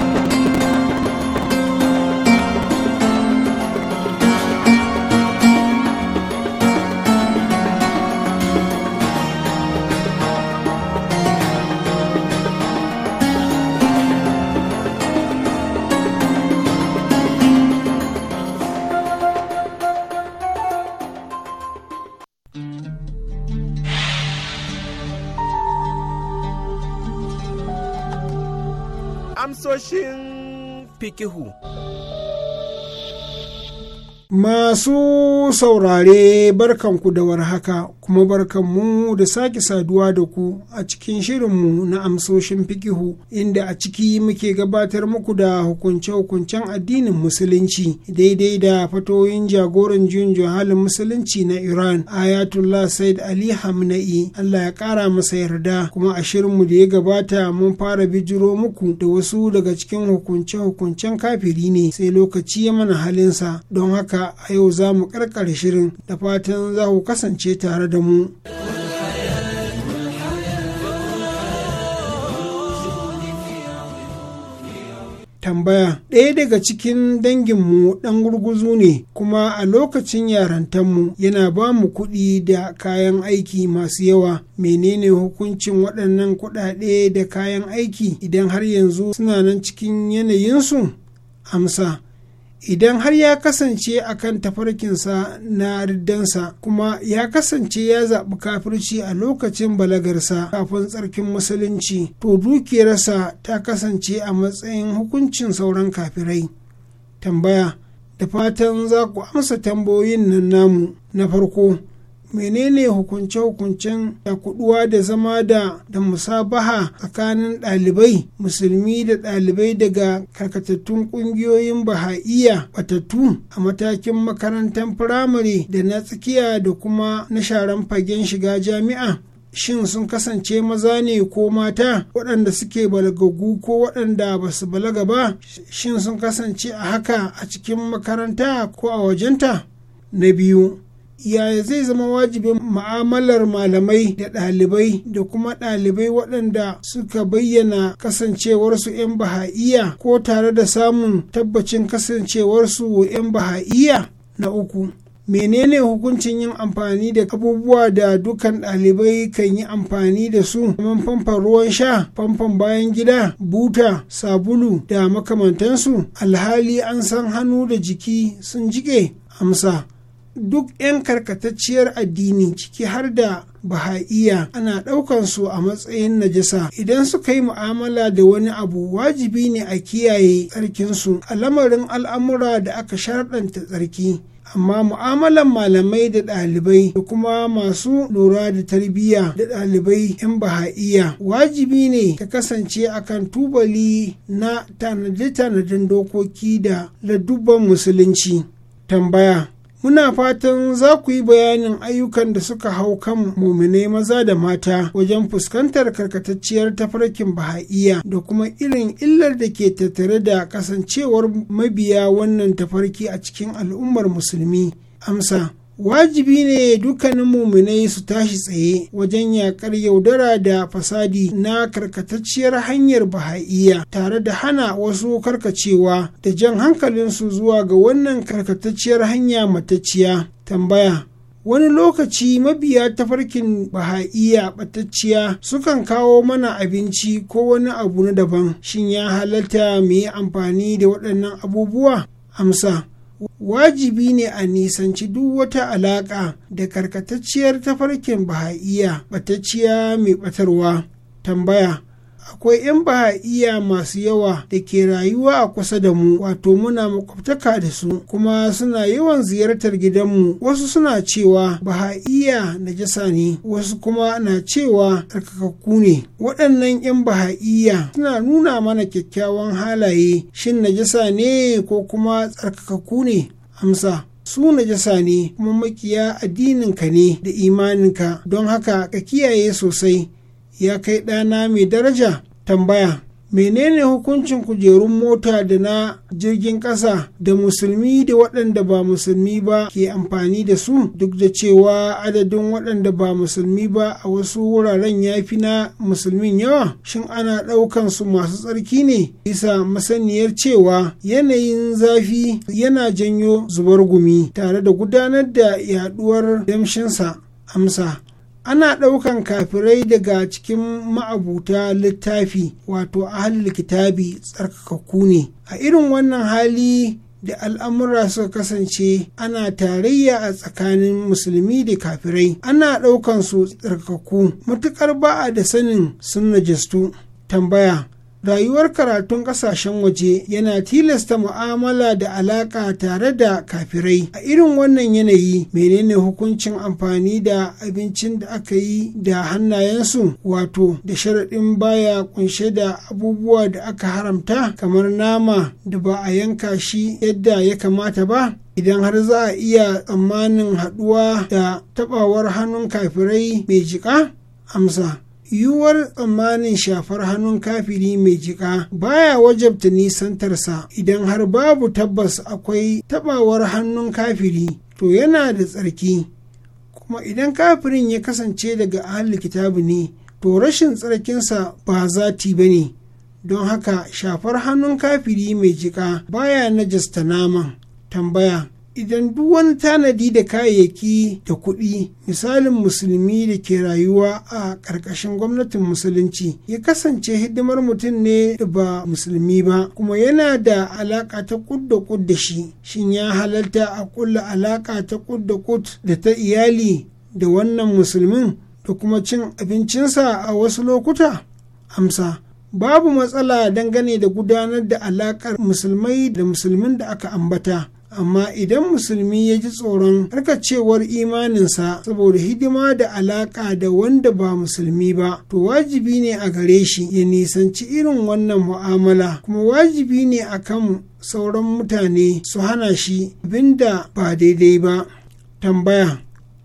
fikihu. Masu saurare barkanku da warhaka kuma barkanmu da sake saduwa da ku a cikin shirinmu na amsoshin fikihu inda a ciki muke gabatar muku da hukunce-hukuncen addinin musulunci daidai da fatoyin jagoran junjo juhalin musulunci na Iran Ayatullah Said Ali Hamna'i Allah ya kara masa yarda kuma a shirinmu da ya gabata mun fara bijiro muku da wasu daga cikin hukunce-hukuncen kafiri ne sai lokaci ya mana halinsa don haka haka a yau za mu karkar shirin da fatan za ku kasance tare da mu. tambaya ɗaya daga cikin danginmu ɗan gurguzu ne kuma a lokacin yarantanmu yana ba mu kuɗi da kayan aiki masu yawa menene hukuncin waɗannan kuɗaɗe da kayan aiki idan har yanzu suna nan cikin yanayinsu amsa idan har ya kasance a kan tafarkinsa na riddansa kuma ya kasance ya zaɓi kafirci a lokacin balagarsa kafin tsarkin musulunci to dukiyarsa ta kasance a matsayin hukuncin sauran kafirai tambaya da fatan za ku amsa tambayoyin nan namu na farko menene hukunce-hukuncen kuduwa da zama da da musabaha tsakanin ɗalibai musulmi da ɗalibai daga karkatattun ƙungiyoyin baha'iya batattu a matakin makarantar firamare da na tsakiya da kuma na sharan fagen shiga jami'a shin sun kasance maza ne ko mata waɗanda suke balagagu ko waɗanda ba su balaga ba shin sun kasance a haka a cikin makaranta ko a wajenta na biyu yaya zai zama wajibin ma'amalar malamai da ɗalibai da kuma ɗalibai waɗanda suka bayyana kasancewarsu 'yan baha'iya ko tare da samun tabbacin kasancewarsu 'yan baha'iya na uku menene hukuncin yin amfani da abubuwa da dukan ɗalibai kan yi amfani da su kamar famfan ruwan sha famfan bayan gida buta sabulu da makamantansu alhali an san hannu da jiki sun jiƙe amsa duk 'yan karkatacciyar addini ciki har da baha'iya ana ɗaukan su a matsayin najasa idan suka yi mu'amala da wani abu wajibi ne a kiyaye tsarkinsu a lamarin al'amura da aka sharɗanta tsarki amma mu'amalan malamai da ɗalibai da kuma masu lura da tarbiyya da ɗalibai 'yan baha'iya wajibi ne ta kasance a kan tubali na tanade tanadin dokoki da ladubban musulunci tambaya Muna fatan za ku yi bayanin ayyukan da suka hau kan mumine maza da mata wajen fuskantar karkatacciyar tafarkin baha'iya da kuma irin illar da ke tattare da kasancewar mabiya wannan tafarki a cikin al'ummar musulmi. Amsa. wajibi ne dukkanin muminai su tashi tsaye wajen yakar yaudara da fasadi na karkatacciyar hanyar Baha'iya, tare da hana wasu karkacewa da jan hankalinsu zuwa ga wannan karkatacciyar hanya matacciya tambaya wani lokaci mabiya tafarkin baha'iya batacciya sukan kawo mana abinci ko wani abu na daban shin ya halatta mu yi amfani da waɗannan abubuwa amsa wajibi ne a nisanci duk wata alaƙa da karkatacciyar tafarkin baha'iya ɓatacciya mai ɓatarwa, tambaya akwai 'yan baha'iya masu yawa da ke rayuwa a kusa da mu wato muna makwabtaka da su kuma suna yawan ziyartar gidanmu wasu suna cewa baha'iya jasa ne wasu kuma na cewa tsarkakakku ne waɗannan 'yan baha'iya suna nuna mana kyakkyawan halaye shin na jasa ne ko kuma tsarkakakku ne amsa su najasa ne kuma makiya addininka ne da imaninka don haka ka kiyaye sosai ya kai ɗana mai daraja tambaya menene hukuncin kujerun mota da na jirgin ƙasa da musulmi da waɗanda ba musulmi ba ke amfani da su duk da cewa adadin waɗanda ba musulmi ba a wasu wuraren ya fi na musulmin yawa shin ana ɗaukan su masu tsarki ne bisa masaniyar cewa yanayin zafi yana janyo zubar gumi tare da gudanar da yaduwar damshinsa amsa ana ɗaukan kafirai daga cikin ma'abuta littafi wato ahalin kitabi tsarkakakku ne a irin wannan hali da al'amura suka kasance ana tarayya a tsakanin musulmi da kafirai ana ɗaukan su tsarkakku matuƙar ba a da sanin sun najistu tambaya rayuwar karatun kasashen waje yana tilasta mu'amala da alaƙa tare da kafirai a irin wannan yanayi menene hukuncin amfani da abincin da aka yi da hannayensu wato da sharaɗin baya kunshe da abubuwa da aka haramta kamar nama da ba a yanka shi yadda ya kamata ba idan har za a iya tsammanin haɗuwa da taɓawar hannun kafirai mai jiƙa amsa yiwuwar tsammanin shafar hannun kafiri mai jika baya wajabta nisantarsa idan har babu tabbas akwai tabawar hannun kafiri to yana da tsarki kuma idan kafirin ya kasance daga ahli kitabu ne to rashin tsarkinsa ba zati ba ne don haka shafar hannun kafiri mai jika baya najasta naman tambaya idan duk wani tanadi da kayayyaki da kuɗi misalin musulmi da ke rayuwa a ƙarƙashin gwamnatin musulunci ya kasance hidimar mutum ne da ba musulmi ba kuma yana da alaƙa ta kud da kud da shi shin ya halarta a kulla alaƙa ta kud da kud da ta iyali da wannan musulmin da kuma cin abincinsa a wasu lokuta amsa babu matsala dangane da gudanar da alaƙar musulmai da musulmin da aka ambata amma idan musulmi ya ji tsoron harkacewar imaninsa saboda hidima da alaka da wanda ba musulmi ba to wajibi ne a gare shi ya nisanci irin wannan mu'amala kuma wajibi ne a kan sauran mutane su hana shi da ba daidai ba tambaya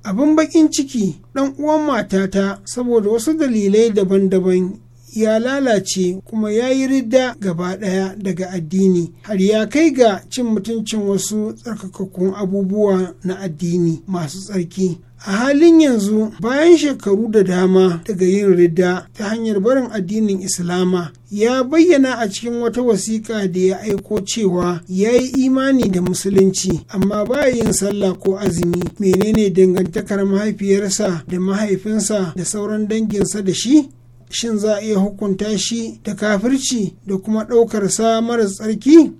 abin bakin ciki ɗan uwan matata saboda wasu dalilai daban-daban ya lalace kuma ya yi ridda gaba ɗaya daga addini har ya kai ga cin mutuncin wasu tsarkakakkun abubuwa na addini masu tsarki a halin yanzu bayan shekaru da dama daga yin ridda ta hanyar barin addinin islama ya bayyana a cikin wata wasiƙa da ya aiko cewa ya yi imani da musulunci amma ba yin sallah ko azumi menene dangantakar mahaifiyarsa da mahaifinsa da sauran danginsa da shi shin za a iya hukunta shi da kafirci da kuma ɗaukarsa mara tsarki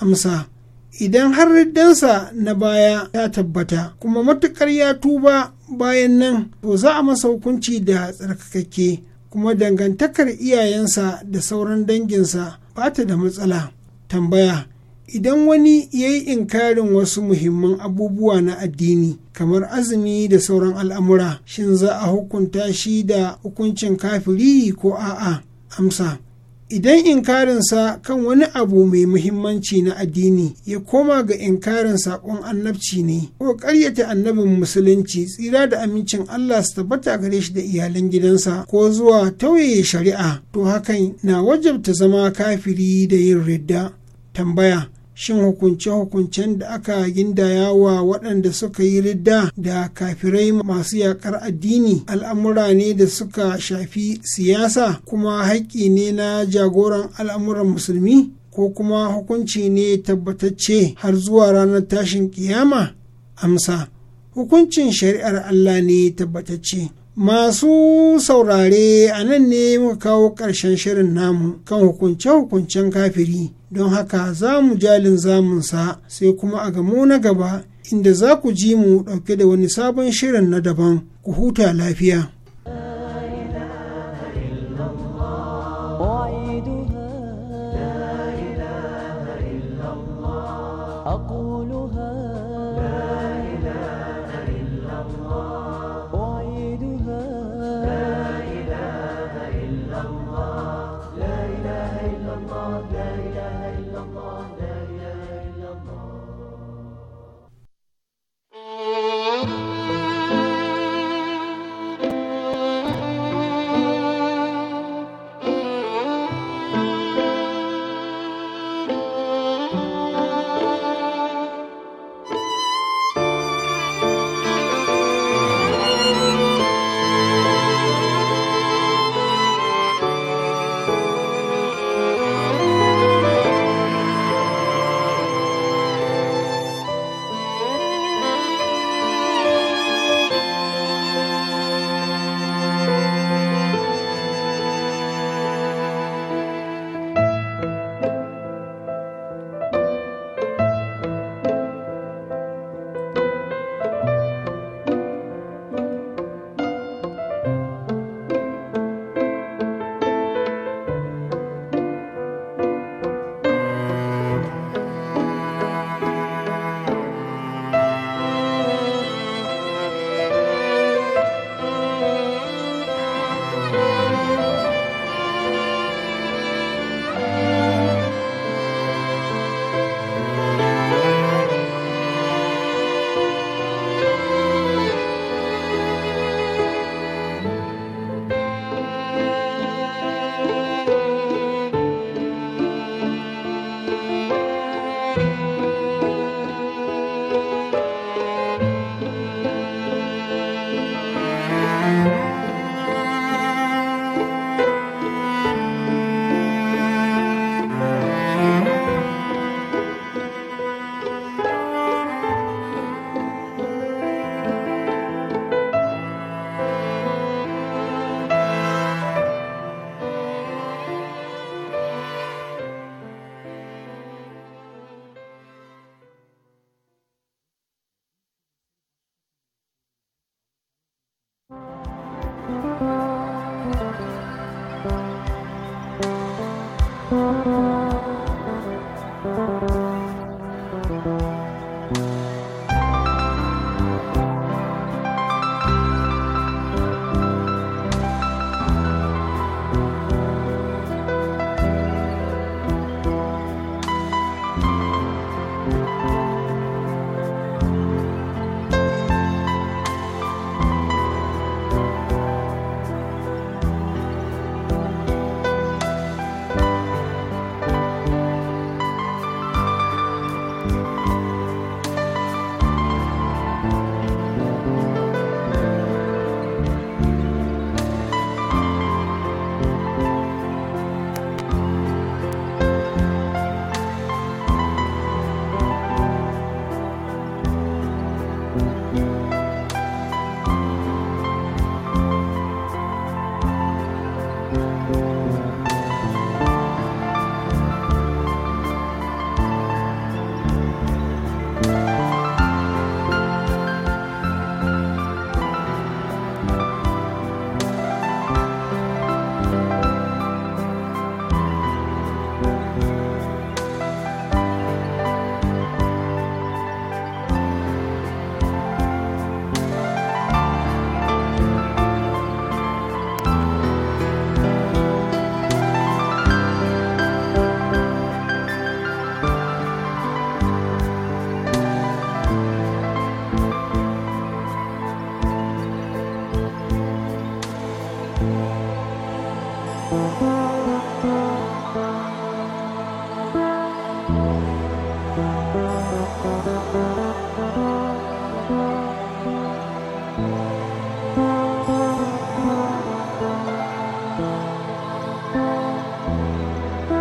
amsa idan har riddansa na baya ya tabbata kuma matuƙar ya tuba bayan nan to za a masa hukunci da tsarkakakke kuma dangantakar iyayensa da sauran danginsa ba ta da matsala tambaya idan wani ya yi inkarin wasu muhimman abubuwa na addini kamar azumi da sauran al'amura shin za a hukunta shi da hukuncin kafiri ko a'a amsa idan inkarinsa kan wani abu mai muhimmanci na addini ya koma ga inkarin saƙon annabci ne ko karyata annabin musulunci tsira da amincin Allah su tabbata gare shi da iyalan gidansa ko zuwa tauye shari'a to hakan na wajabta zama kafiri da yin ridda tambaya shin hukunce-hukuncen da aka gindaya wa waɗanda suka yi ridda da kafirai masu yaƙar addini al'amura ne da suka shafi siyasa kuma haƙƙi ne na jagoran al'amuran musulmi ko kuma hukunci ne tabbatacce har zuwa ranar tashin kiyama amsa hukuncin shari'ar allah ne tabbatacce Masu saurare a nan ne muka kawo ƙarshen shirin namu kan hukunce-hukuncen kafiri don haka za mu jalin zamunsa sai kuma a gamo na gaba inda za ku ji mu ɗauke da wani sabon shirin na daban ku huta lafiya.